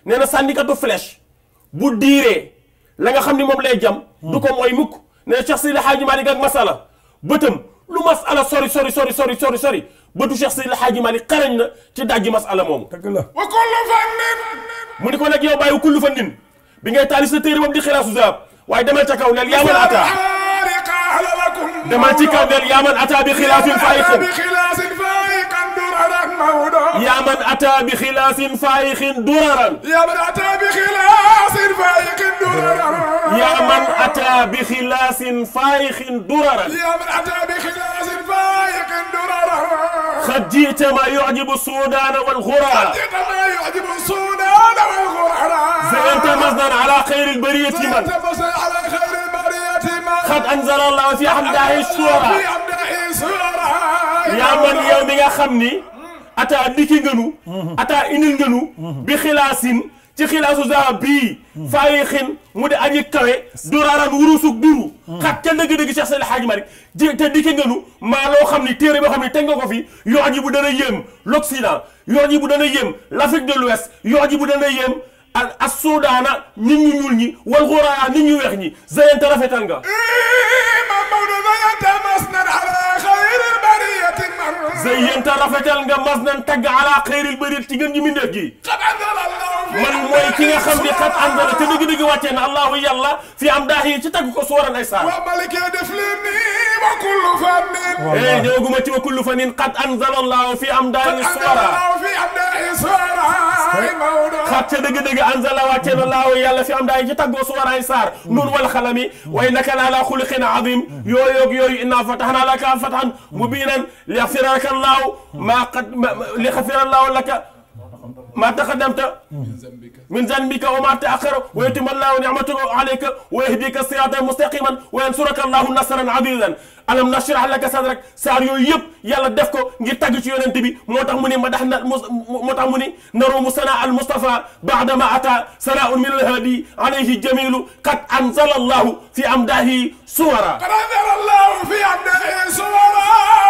نينا ساني كتو فلش بو ديري لا خمني مبلي جم دوكو jam du ko moy mukk ne cheikh sidi hadji lu masala sori sori sori sori sori sori ba du Cheikh Seydil Hadji Malick xarañ na ci dajji masala moomu. dëgg la wa kullu fannin. mu ni ko nag yow bàyyi kullu fannin bi ngay taalis sa téere boobu di xilaasu zaab waaye demal ca kaw neel yaa man ataa demal ci kaw neel yaa man ataa bi xilaasin faayiqin يا من أتى بخلاص فايخ دررا يا من أتى بخلاص فايخ دررا يا من أتى بخلاص فايخ دررا يا من أتى بخلاص فايخ دررا قد جئت ما يعجب السودان والغرى قد جئت ما يعجب السودان والغرى زينت مصدر على خير البرية من على خير البرية من قد أنزل الله في حمده السورة يا من يوم يا خمني ata diki ngënu ata inil ngënu bi khilasin ci khilasu za bi faayi mudi mu de aji kawe duraaran wurusug duru khat ca deug deug Cheikh Seydi Hadji malik ji te diki ngënu ma lo xamni tere bo xamni te ni nga ko fi yoji bu dana yem l'Occident yoji bu dana yem l'Afrique de l'Ouest yoji bu dana yem al as suudaana nit ñu ñul ñi wal xuraana nit ñu wex ñi zayante rafetal nga ma ala al bariyati zayanta rafetal nga mas nan tagg ala xeyril bërit ci gën ji mindeef gi man mooy ki nga xam ni xat andala te dëgg-dëgg wàccee na allahu yàlla fi am daax yi ci tagg ko sooran ay saar wa malike def leen ni wa kullu fanin eh ñëwaguma ci wa kullu fanin qad anzala allahu fi am daax soora fi am daax soora xat ca dëgg-dëgg anzala wàccee na allahu yàlla fi am daax yi ci taggoo soora ay saar nuun wal xalami way naka la ala xuluqin azim yooyoog yooyu inna fatahna laka fatahan mubinan ليغفر لك الله ما قد ما ليغفر الله لك ما تقدمت من ذنبك وما تأخر ويتم الله نعمته عليك ويهديك صراطا مستقيما وينصرك الله نصرا عزيزا alam nashrah laka sadrak saar yooyu yëpp yàlla def ko ngir tagg ci yonent bi moo tax mu ne ma dax na moo tax mu ne narumu sana al mustafa baadama ata sanaun min alhadi alayhi jamilu qad anzala allahu fi amdahi suwara qad anzala allahu fi amdahi suwara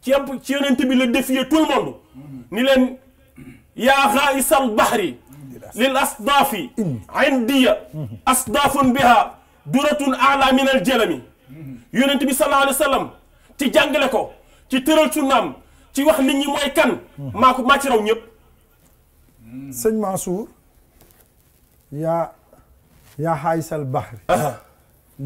ci yonent bi la défier tout le monde ni leen yaa xaayisal bahri lil asdaafi indiya asdaafun biha duratun ala min al jalami yonent bi sallallahu alayhi wa sallam ci jàngale ko ci tëral sunnaam ci wax nit ñi mooy kan maa ko maa ci raw ñëpp sëñ Mansour yaa yaa xaayisal bahri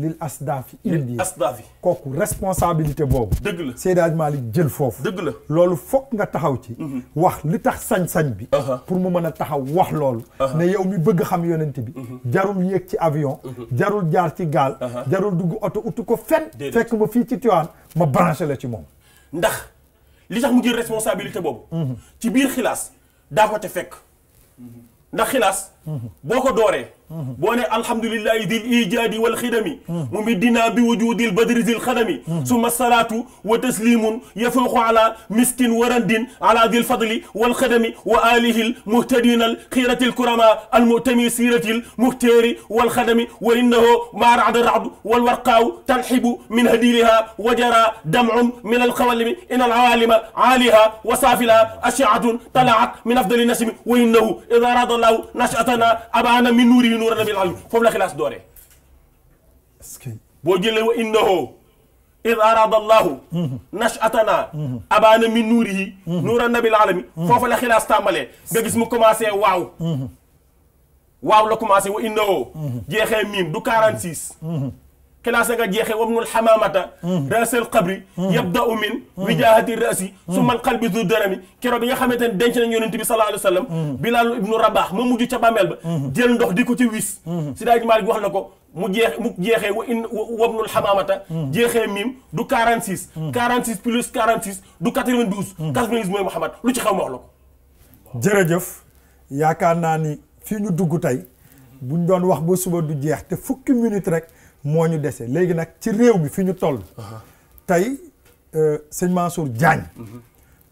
lil asdaafi indi asdaafi kooku responsabilité boobu dëgg la Seydi Hadji Malick jël foofu dëgg la loolu foog nga taxaw ci mhm. wax li tax sañ-sañ bi uh-huh. pour mu mën a taxaw wax loolu uh-huh. ne yow mi bëgg xam yonent bi mhm. jarul yéeg ci avion mhm. jarul jaar ci gaal uh-huh. jarul dugg oto utu ko fen fekk ma fii ci tiwaan ma branché la ci moom ndax li tax mu jël responsabilité boobu ci biir xilaas daa ko te fekk ndax xilaas boo ko dooree boo ne alhamdulillahi dil ijaadi wal xidami mu mi dinaa bi wujudil badri dil xadami suma salaatu wa taslimun yafuqu ala miskin warandin ala dil fadli wal xadami wa alihil muhtadinal xiiratil kurama almutami siiratil muhtéeri wal xadami wa innahu maa racda racdu wal warqaaw tanxibu min hadiliha wajara damcum min alqawalimi in alcaalima caaliha wa saafilaha ashiatun talacat min afdali nasimi wa innahu ida arada allahu nashata xasana abaana mi nuuri yi nuurana bil almi foofu la xilaas dooree boo jëlee wa innahu id arada allahu nashatana abaana mi nuuri yi nuurana bil alami foofu la xilaas tàmbalee nga gis mu commencé waaw mhm. waaw la commencé wa innahu jeexee miim du 46 كلاس جيخ ومن الحمامة رأس القبر يبدأ من وجاهة الرأس ثم القلب ذو الدرم كرو بيغا خامتان دنج نان يونت بي صلى الله عليه وسلم بلال ابن رباح ما مودي تي بامل با جيل ندوخ ديكو تي ويس سيداج مالك wax nako mu jeex mu jeexee wa in wabnul xamaamata jeexee mim du 46 46 plus 46 du 92 92 mooy Mouhamad lu ci xaw ma wax la ko jërëjëf yaakaar naa ni fii ñu dugg tey buñ doon wax ba suba du jeex te fukki minute rek moo ñu dese léegi nag ci réew bi fi ñu toll. tey euh, sëñ Mansour Diagne. Mhm.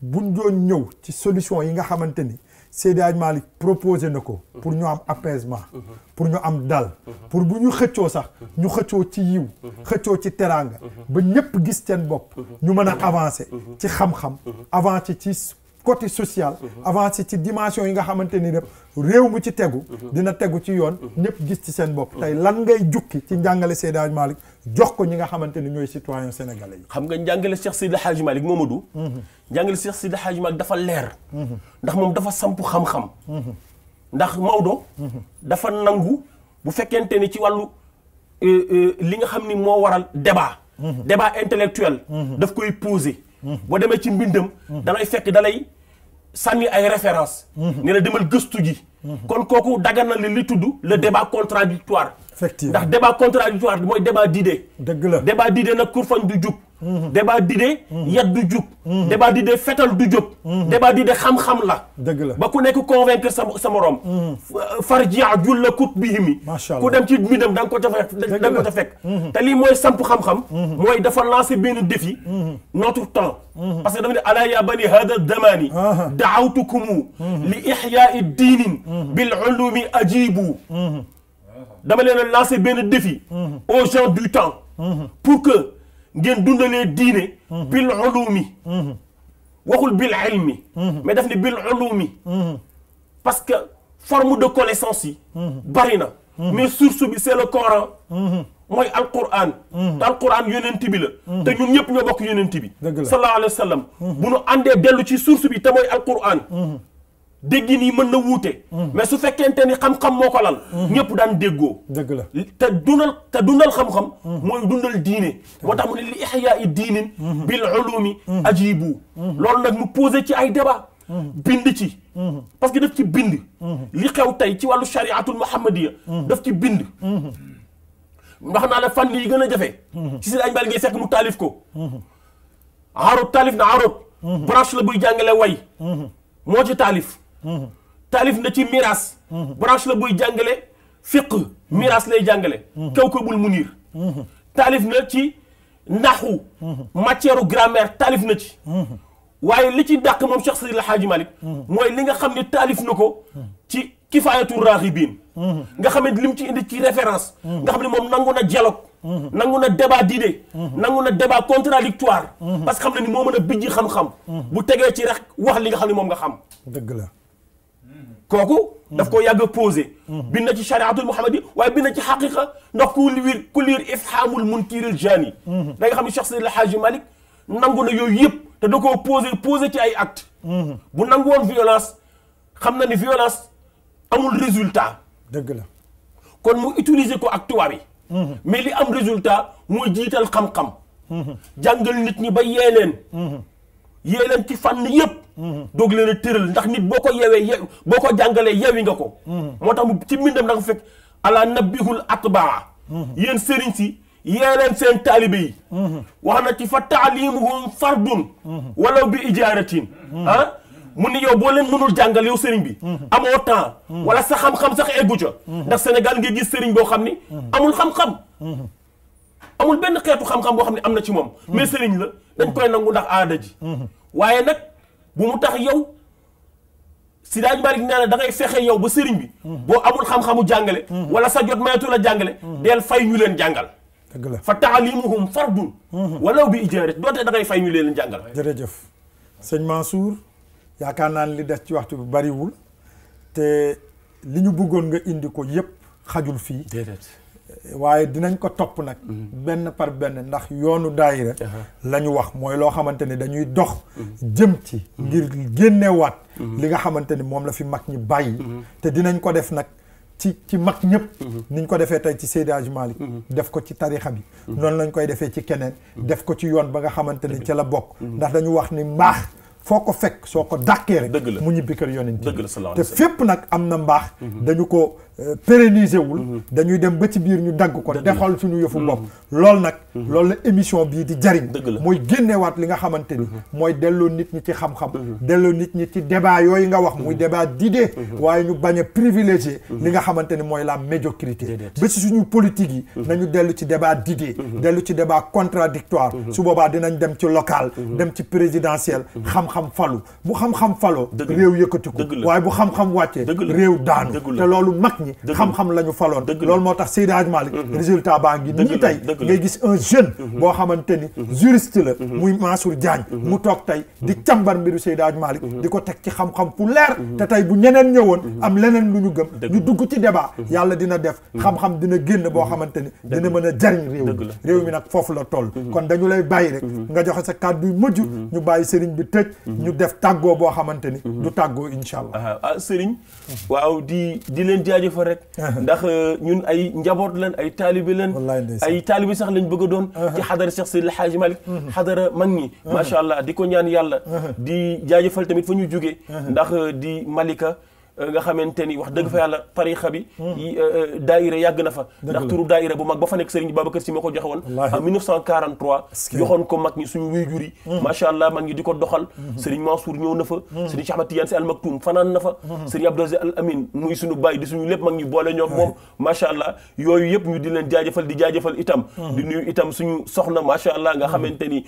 buñ doon ñëw ci solution yi nga xamante ni Seydi Hadj Malick proposé na ko. Mhm. pour ñu am apaisement. Mhm. pour ñu am dal. pour bu ñu xëccoo sax ñu xëccoo ci yiw. xëccoo ci teraanga. ba ñëpp gis seen bopp. ñu mën a avancer. ci xam-xam. avancer ci côté social. Mhm. avancé ci dimension yi nga xamante ni rek réew mu ci tegu. Mhm. dina tegu ci yoon. Mhm. ñëpp gis ci seen bopp. tey lan ngay jukki ci njàngale Seydi Hadj Malick jox ko ñi nga xamante ni ñooy citoyen sénégalais yi. xam nga njàngale Cheikh Seydi Hadj Malick Mamadou. njàngale Cheikh Seydi Hadj Malick dafa leer. ndax moom dafa samp xam-xam. ndax Maodo. dafa nangu bu fekkente ni ci wàllu euh, euh, li nga xam ni moo waral débat. débat intellectuel. daf koy poser. boo demee ci mbindam da ngay fekk dalay sànni ay référence mm-hmm. ni la demal gëstu gi mm-hmm. kon kooku daganal li li tudd le débat contradictoire effectivement ndax débat contradictoire mooy débat d'idée. dëgg la débat d'idée nag kurfañ du jub. débat d'idée yat du jub. débat d'idée fetal du jub. débat d'idée xam-xam la. dëgg la ba ku nekk convaincre sa sa morom. farjia julla kut bihimi. macha allah ku dem ci midam da nga ko ca fekk da nga ko ca fekk. te lii mooy samp xam-xam. mooy dafa lancer benn défi. notre temps. parce que dafa ne ala ya bani hada zamani. daawtukumu. li ixyaai diinin. bil ulumi ajibu. dama leen a benn défi. Mhm. aux gens du temps. Mhm. pour que ngeen dundalee diine. Mhm. bil ulumi. waxul bil ilmi. mais daf ne bil ulumi. parce que forme de connaissance yi. bari na. mais source bi c'est le Coran. mooy alquran. te alquran yonent bi la. te ñun ñëpp ñoo bokk yonent bi. dëgg la sallallahu alayhi wa sallam. bu nu àndee dellu ci source bi te mooy alquran. déggin yi mën na wuute. Hmm. mais su fekkente ni xam-xam moo ko lal. Hmm. ñëpp daan déggoo. dëgg la te dundal te dundal xam-xam. Hmm. mooy dundal diine. moo tax mu ne li ixyaa i diinin. bil ajibu. loolu nag mu posé ci ay débat. bind ci. parce que daf ci bind. li xew tey ci wàllu shari'atul muhammadiya. def ci bind. wax naa la fan yi gën a jafe. ci si dañ bal ngay sekk mu taalif ko. arab taalif na arab branche la buy jàngale way. moo ci taalif. taalif na ci miraas branche la buy jàngale fiq miraas lay jàngale kaw ko bul munir taalif na ci naxu matière grammaire taalif na ci waaye li ci dàq moom Cheikh Seydi El Hadji Malick mooy li nga xam ne taalif na ko ci kifaayatu raaxibiin nga xam ne li ci indi ci référence nga xam ne moom nangu na dialogue nangu na débat d'idée nangu na débat contradictoire parce que xam ne ni moo mën a bijji xam-xam bu tegee ci rek wax li nga xam ne moom nga xam dëgg la kooku daf ko yàgg a posé bind na ci chariatul muhammad yi waaye bind na ci xaqiqa ndax ku liir ku liir ifhaamul muntiril jaani da nga xam ne Cheikh Seydi El Hadji Malick nangu na yooyu yëpp te da koo posé posé ci ay acte bu nangu woon violence xam na ni violence amul résultat dëgg la kon mu utiliser ko ak tubaab yi mais li am résultat mooy jiital xam-xam jàngal nit ñi ba yee leen yee leen ci fànn yëpp. doog leen a tëral ndax nit boo ko yeewee ye boo ko jàngalee yeewi nga ko. moo tax mu ci mbindam da nga fekk ala nabbihul atbaa. yéen sëriñ si yee leen seen taalibe yi. wax na ci fa taalimuhum fardun. walaw bi ijaaratin. ah mu ne yow boo leen mënul jàngal yow sëriñ bi. amoo temps. wala sa xam-xam sax eggu ca. ndax Sénégal ngay gis sëriñ boo xam ni. amul xam-xam. amul benn xeetu xam-xam boo xam ne am na ci moom. mais sëriñ la. dañ koy nangu ndax aada ji. waaye nag bu mu tax yow si daañu bari nee na da ngay fexe yow ba sëriñ bi. boo amul xam-xamu jàngale. wala sa jot mayatu la jàngale. del fay ñu leen jàngal. dëgg la fa taalimuhum fardun. walaw bi ijaarat dootee da ngay fay ñu leen jàngal. jërëjëf sëñ Mansour yaakaar naa ne li des ci waxtu bi bariwul te li ñu bëggoon nga indi ko yëpp xajul fii. waaye dinañ ko topp nag benn par benn ndax yoonu daayira la ñu wax mooy loo xamante ne dañuy dox jëm ci ngir génnewaat mhm. li nga xamante ni moom la fi mag ñi bàyyi mhm. te dinañ ko def nag ci ci mag ñëpp mhm. niñ ko defee tey ci Seydi Hadji Malick def ko ci tarixa bi noonu lañ koy defee ci keneen def ko ci yoon ba nga xamante ni ca la bokk ndax dañu wax ni mbaax foo ko fekk soo ko dàkkee rek mu ñibbi kër yonent te fépp nag am na mbaax mhm. dañu ko euh, pérenniser wul mhm. dañuy dem ba ci biir ñu dagg ko defal suñu yëfu mhm. bopp lool nag loolu la émission bii di jariñ mooy génnewaat li nga xamante ni mooy delloo nit ñi ci xam-xam delloo nit ñi ci débat yooyu nga wax muy débat d'idées waaye ñu bañ a privilégier li nga xamante ni mooy la médiocrité ba ci suñu politique yi nañu dellu ci débat d'idées dellu ci débat contradictoire su boobaa dinañ dem ci local dem ci présidentiel xam xam-xam falu bu xam-xam faloo réew yëkkatiku waaye bu xam-xam wàccee réew daanu te loolu mag ñi xam-xam la ñu faloon lool moo tax Seydi Hadj Malick mhm. résultat baa ngi nii tey ngay gis un jeune mhm. boo xamante ni mhm. juriste la muy Mansour Diagne mu toog tey di càmbar mbiru Seydi Hadj Malick di ko teg ci xam-xam pu leer te tey bu ñeneen ñëwoon am leneen lu ñu gëm ñu dugg ci débat yàlla dina def xam-xam dina génn boo xamante ni dina mën a jariñ réew mi réew mi nag foofu la toll kon dañu lay bàyyi rek nga joxe sa kàddu yu mujj ñu bàyyi sëriñ bi tëj ñu def tàggoo boo xamante ni. du mhm. tàggoo incha allah. ah sëriñ. waaw di di leen jaajëfal rek. ndax euh, ñun ay njaboot leen ay taalibe leen. ay taalibe sax lañ bëgg doon. ci xadara Cheikh Seydi El Hadji Malick. Mhm. xadara mag ñi. macha allah di ko ñaan yàlla. di jaajëfal tamit fa ñu jógee. ndax euh, di Malika. nga xamanteni wax dëgg fa yàlla tarixa bi daayira yàgg na fa ndax turu daayira bu mag ba fa nekk Serigne Babacar Sy moo en 1943 ko mag ñi suñu mag ñi doxal Serigne Mansour ñëw na fa Serigne Cheikh Al Maktoum na fa Serigne Al Amin muy suñu bàyyi di suñu lépp mag ñi boole ñu di di itam di nuyu itam suñu soxna macha nga xamante ni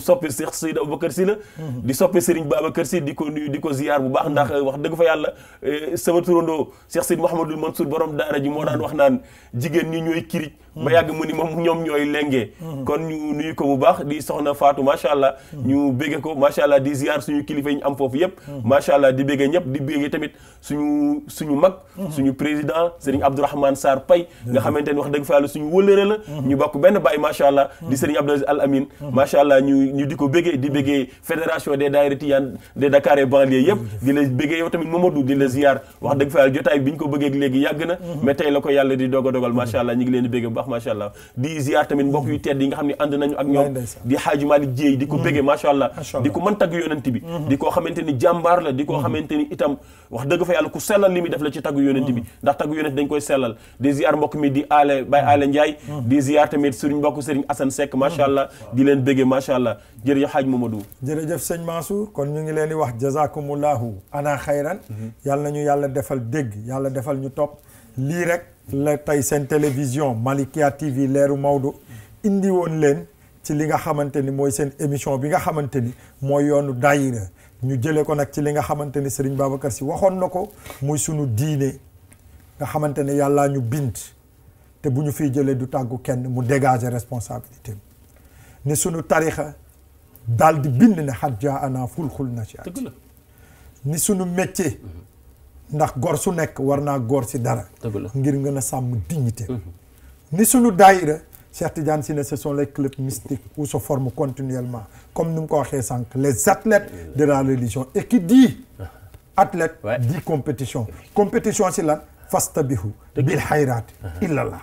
soppi Cheikh Seydou Aboubacar Sy la di soppi Serigne nuyu bu baax ndax wax fa yàlla Eh, sama turandoo Cheikh Seydi Mouhamadul Mansour borom daara ji moo daan wax naan jigéen ñi ñooy kirij ba yàgg mu ni moom ñoom ñooy lengee mm-hmm. kon ñu nuyu ko bu baax di soxna faatu macha allah mm-hmm. ñu bégge ko macha allah di ziar suñu kilifa ñu am foofu yëpp mm-hmm. macha allah di bégge ñëpp di bégge tamit suñu suñu mag suñu président Serigne Abdourahmane Sarr Pay nga xamante ni wax dëgg fa yàlla suñu wëlëre la ñu bokk benn bàyyi macha allah di Serigne Abdou Aziz Al macha allah ñu di ko béggee di béggee fédération des daayira Tidiane de Dakar et banlieue yëpp di la béggee yow tamit Mamadou di la ziar wax dëgg fa yàlla jotaay bi ñu ko bëggee léegi na mais a dogal macha allah ñu ngi leen di baax macha allah di ziar tamit mbokk yu tedd yi nga xam ne ànd nañu ak ñoom di xaaji Malick Jéey di ko mm-hmm. béggee macha allah di ko mën tagg yonent bi mm-hmm. di koo xamante jàmbaar la di koo mm-hmm. xamante ni itam wax dëgg fa yàlla ku sellal li muy def la ci tagg yonent bi ndax tagg yonent dañ koy sellal di ziar mbokk mi di aale bay aale Ndiaye di ziar tamit sëriñ mbokk sëriñ Assane Seck macha allah di leen béggee macha allah jërëjëf xaaj Mamadou jërëjëf sëñ Mansour kon ñu ngi leen di wax jazakumullahu ana xayran la tey seen télévision Malikia TV leeru Maodo indi woon leen ci li nga xamante ni mooy seen émission bi nga xamante ni mooy yoonu daayira ñu jëlee ko nag ci li nga xamante ni Serigne Babacar si waxoon na ko muy sunu diine nga xamante ne yàllaa ñu bind te bu ñu fi jëlee du tàggu kenn mu dégager responsabilité ni sunu tarixa daal di bind ne xat jaa ana fulxul na ci ni sunu métier. Mm-hmm. ndax gor su nekk war naa góor si dara. ngir ngën a sàmm dignité. Mhm. ni sunu daayira Cheikh Tidiane Sy ne ce sont les clubs mystiques où se forment continuellement comme nous, mu ko waxee sànq les athlètes de la religion et qui dit ah. athlète dit compétition compétition si lan. fastabihu bil xayraati illallah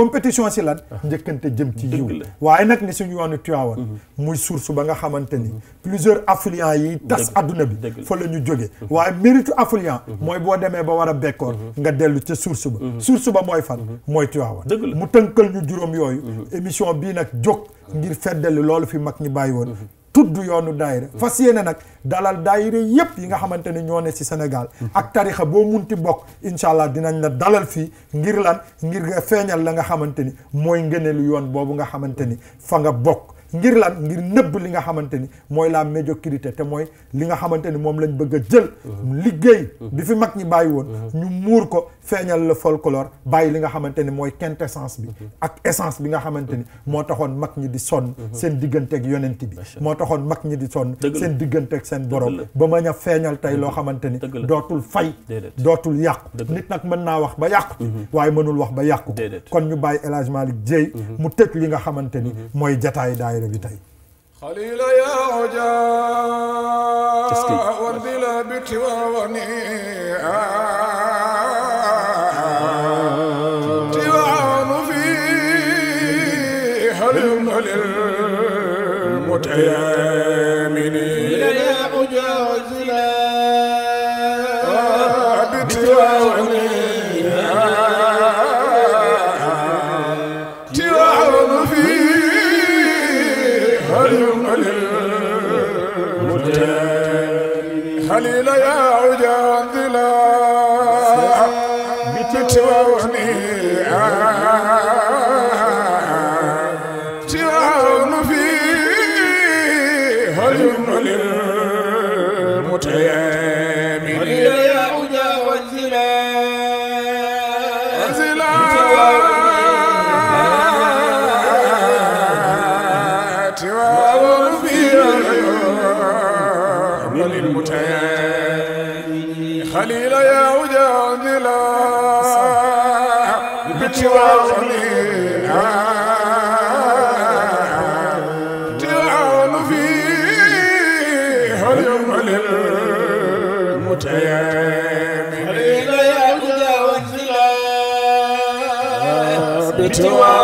compétition si lan njëkkante jëm ci yiw waaye nag ni suñu yoonu Tiwaawan uhuh. muy source ba nga xamante ni uhuh. plusieurs affluents yi tas adduna bi fa la ñu jóge uhuh. waaye méritu affluent mooy boo demee ba war a bekkoor nga dellu ca source ba source ba mooy fan mooy Tiwaawan mu tënkal ñu juróom yooyu émission bii nag jóg ngir feddal loolu fi mag ñi bàyyi woon tudd yoonu daayira mm. fas yéene nag dalal daayira yépp yi nga xamante ni ñoo ne si Sénégal mm-hmm. ak tarixa boo ti bokk incha allah dinañ la dalal fii ngir lan ngir feeñal la nga xamante ni mooy ngëneelu yoon boobu nga xamante ni fa nga bokk ngir lan ngir nëbb li nga xamante ni mooy la médiocrité mooy li nga xamante ni moom lañ bëgg a jël mm-hmm. liggéey mm-hmm. bi fi mag ñi bàyyi woon ñu muur ko feeñal la folklore bàyyi li nga xamante ni mooy quintessence bi ak essence bi nga xamante ni moo taxoon mag ñi di sonn seen diggante ak yonent bi moo taxoon mag ñi di sonn seen diggante ak seen borom ba ma ña feeñal tey loo xamante ni dootul fay dootul yàqu nit nag mën naa wax ba yàqu mhm. waaye mënul wax ba yàqu kon ñu bàyyi El Hadj Malick Dieye mhm. mu tëj li nga xamante ni mhm. mooy jataay daayira bi tey خليل يا عجاء وانزل للمتيان to our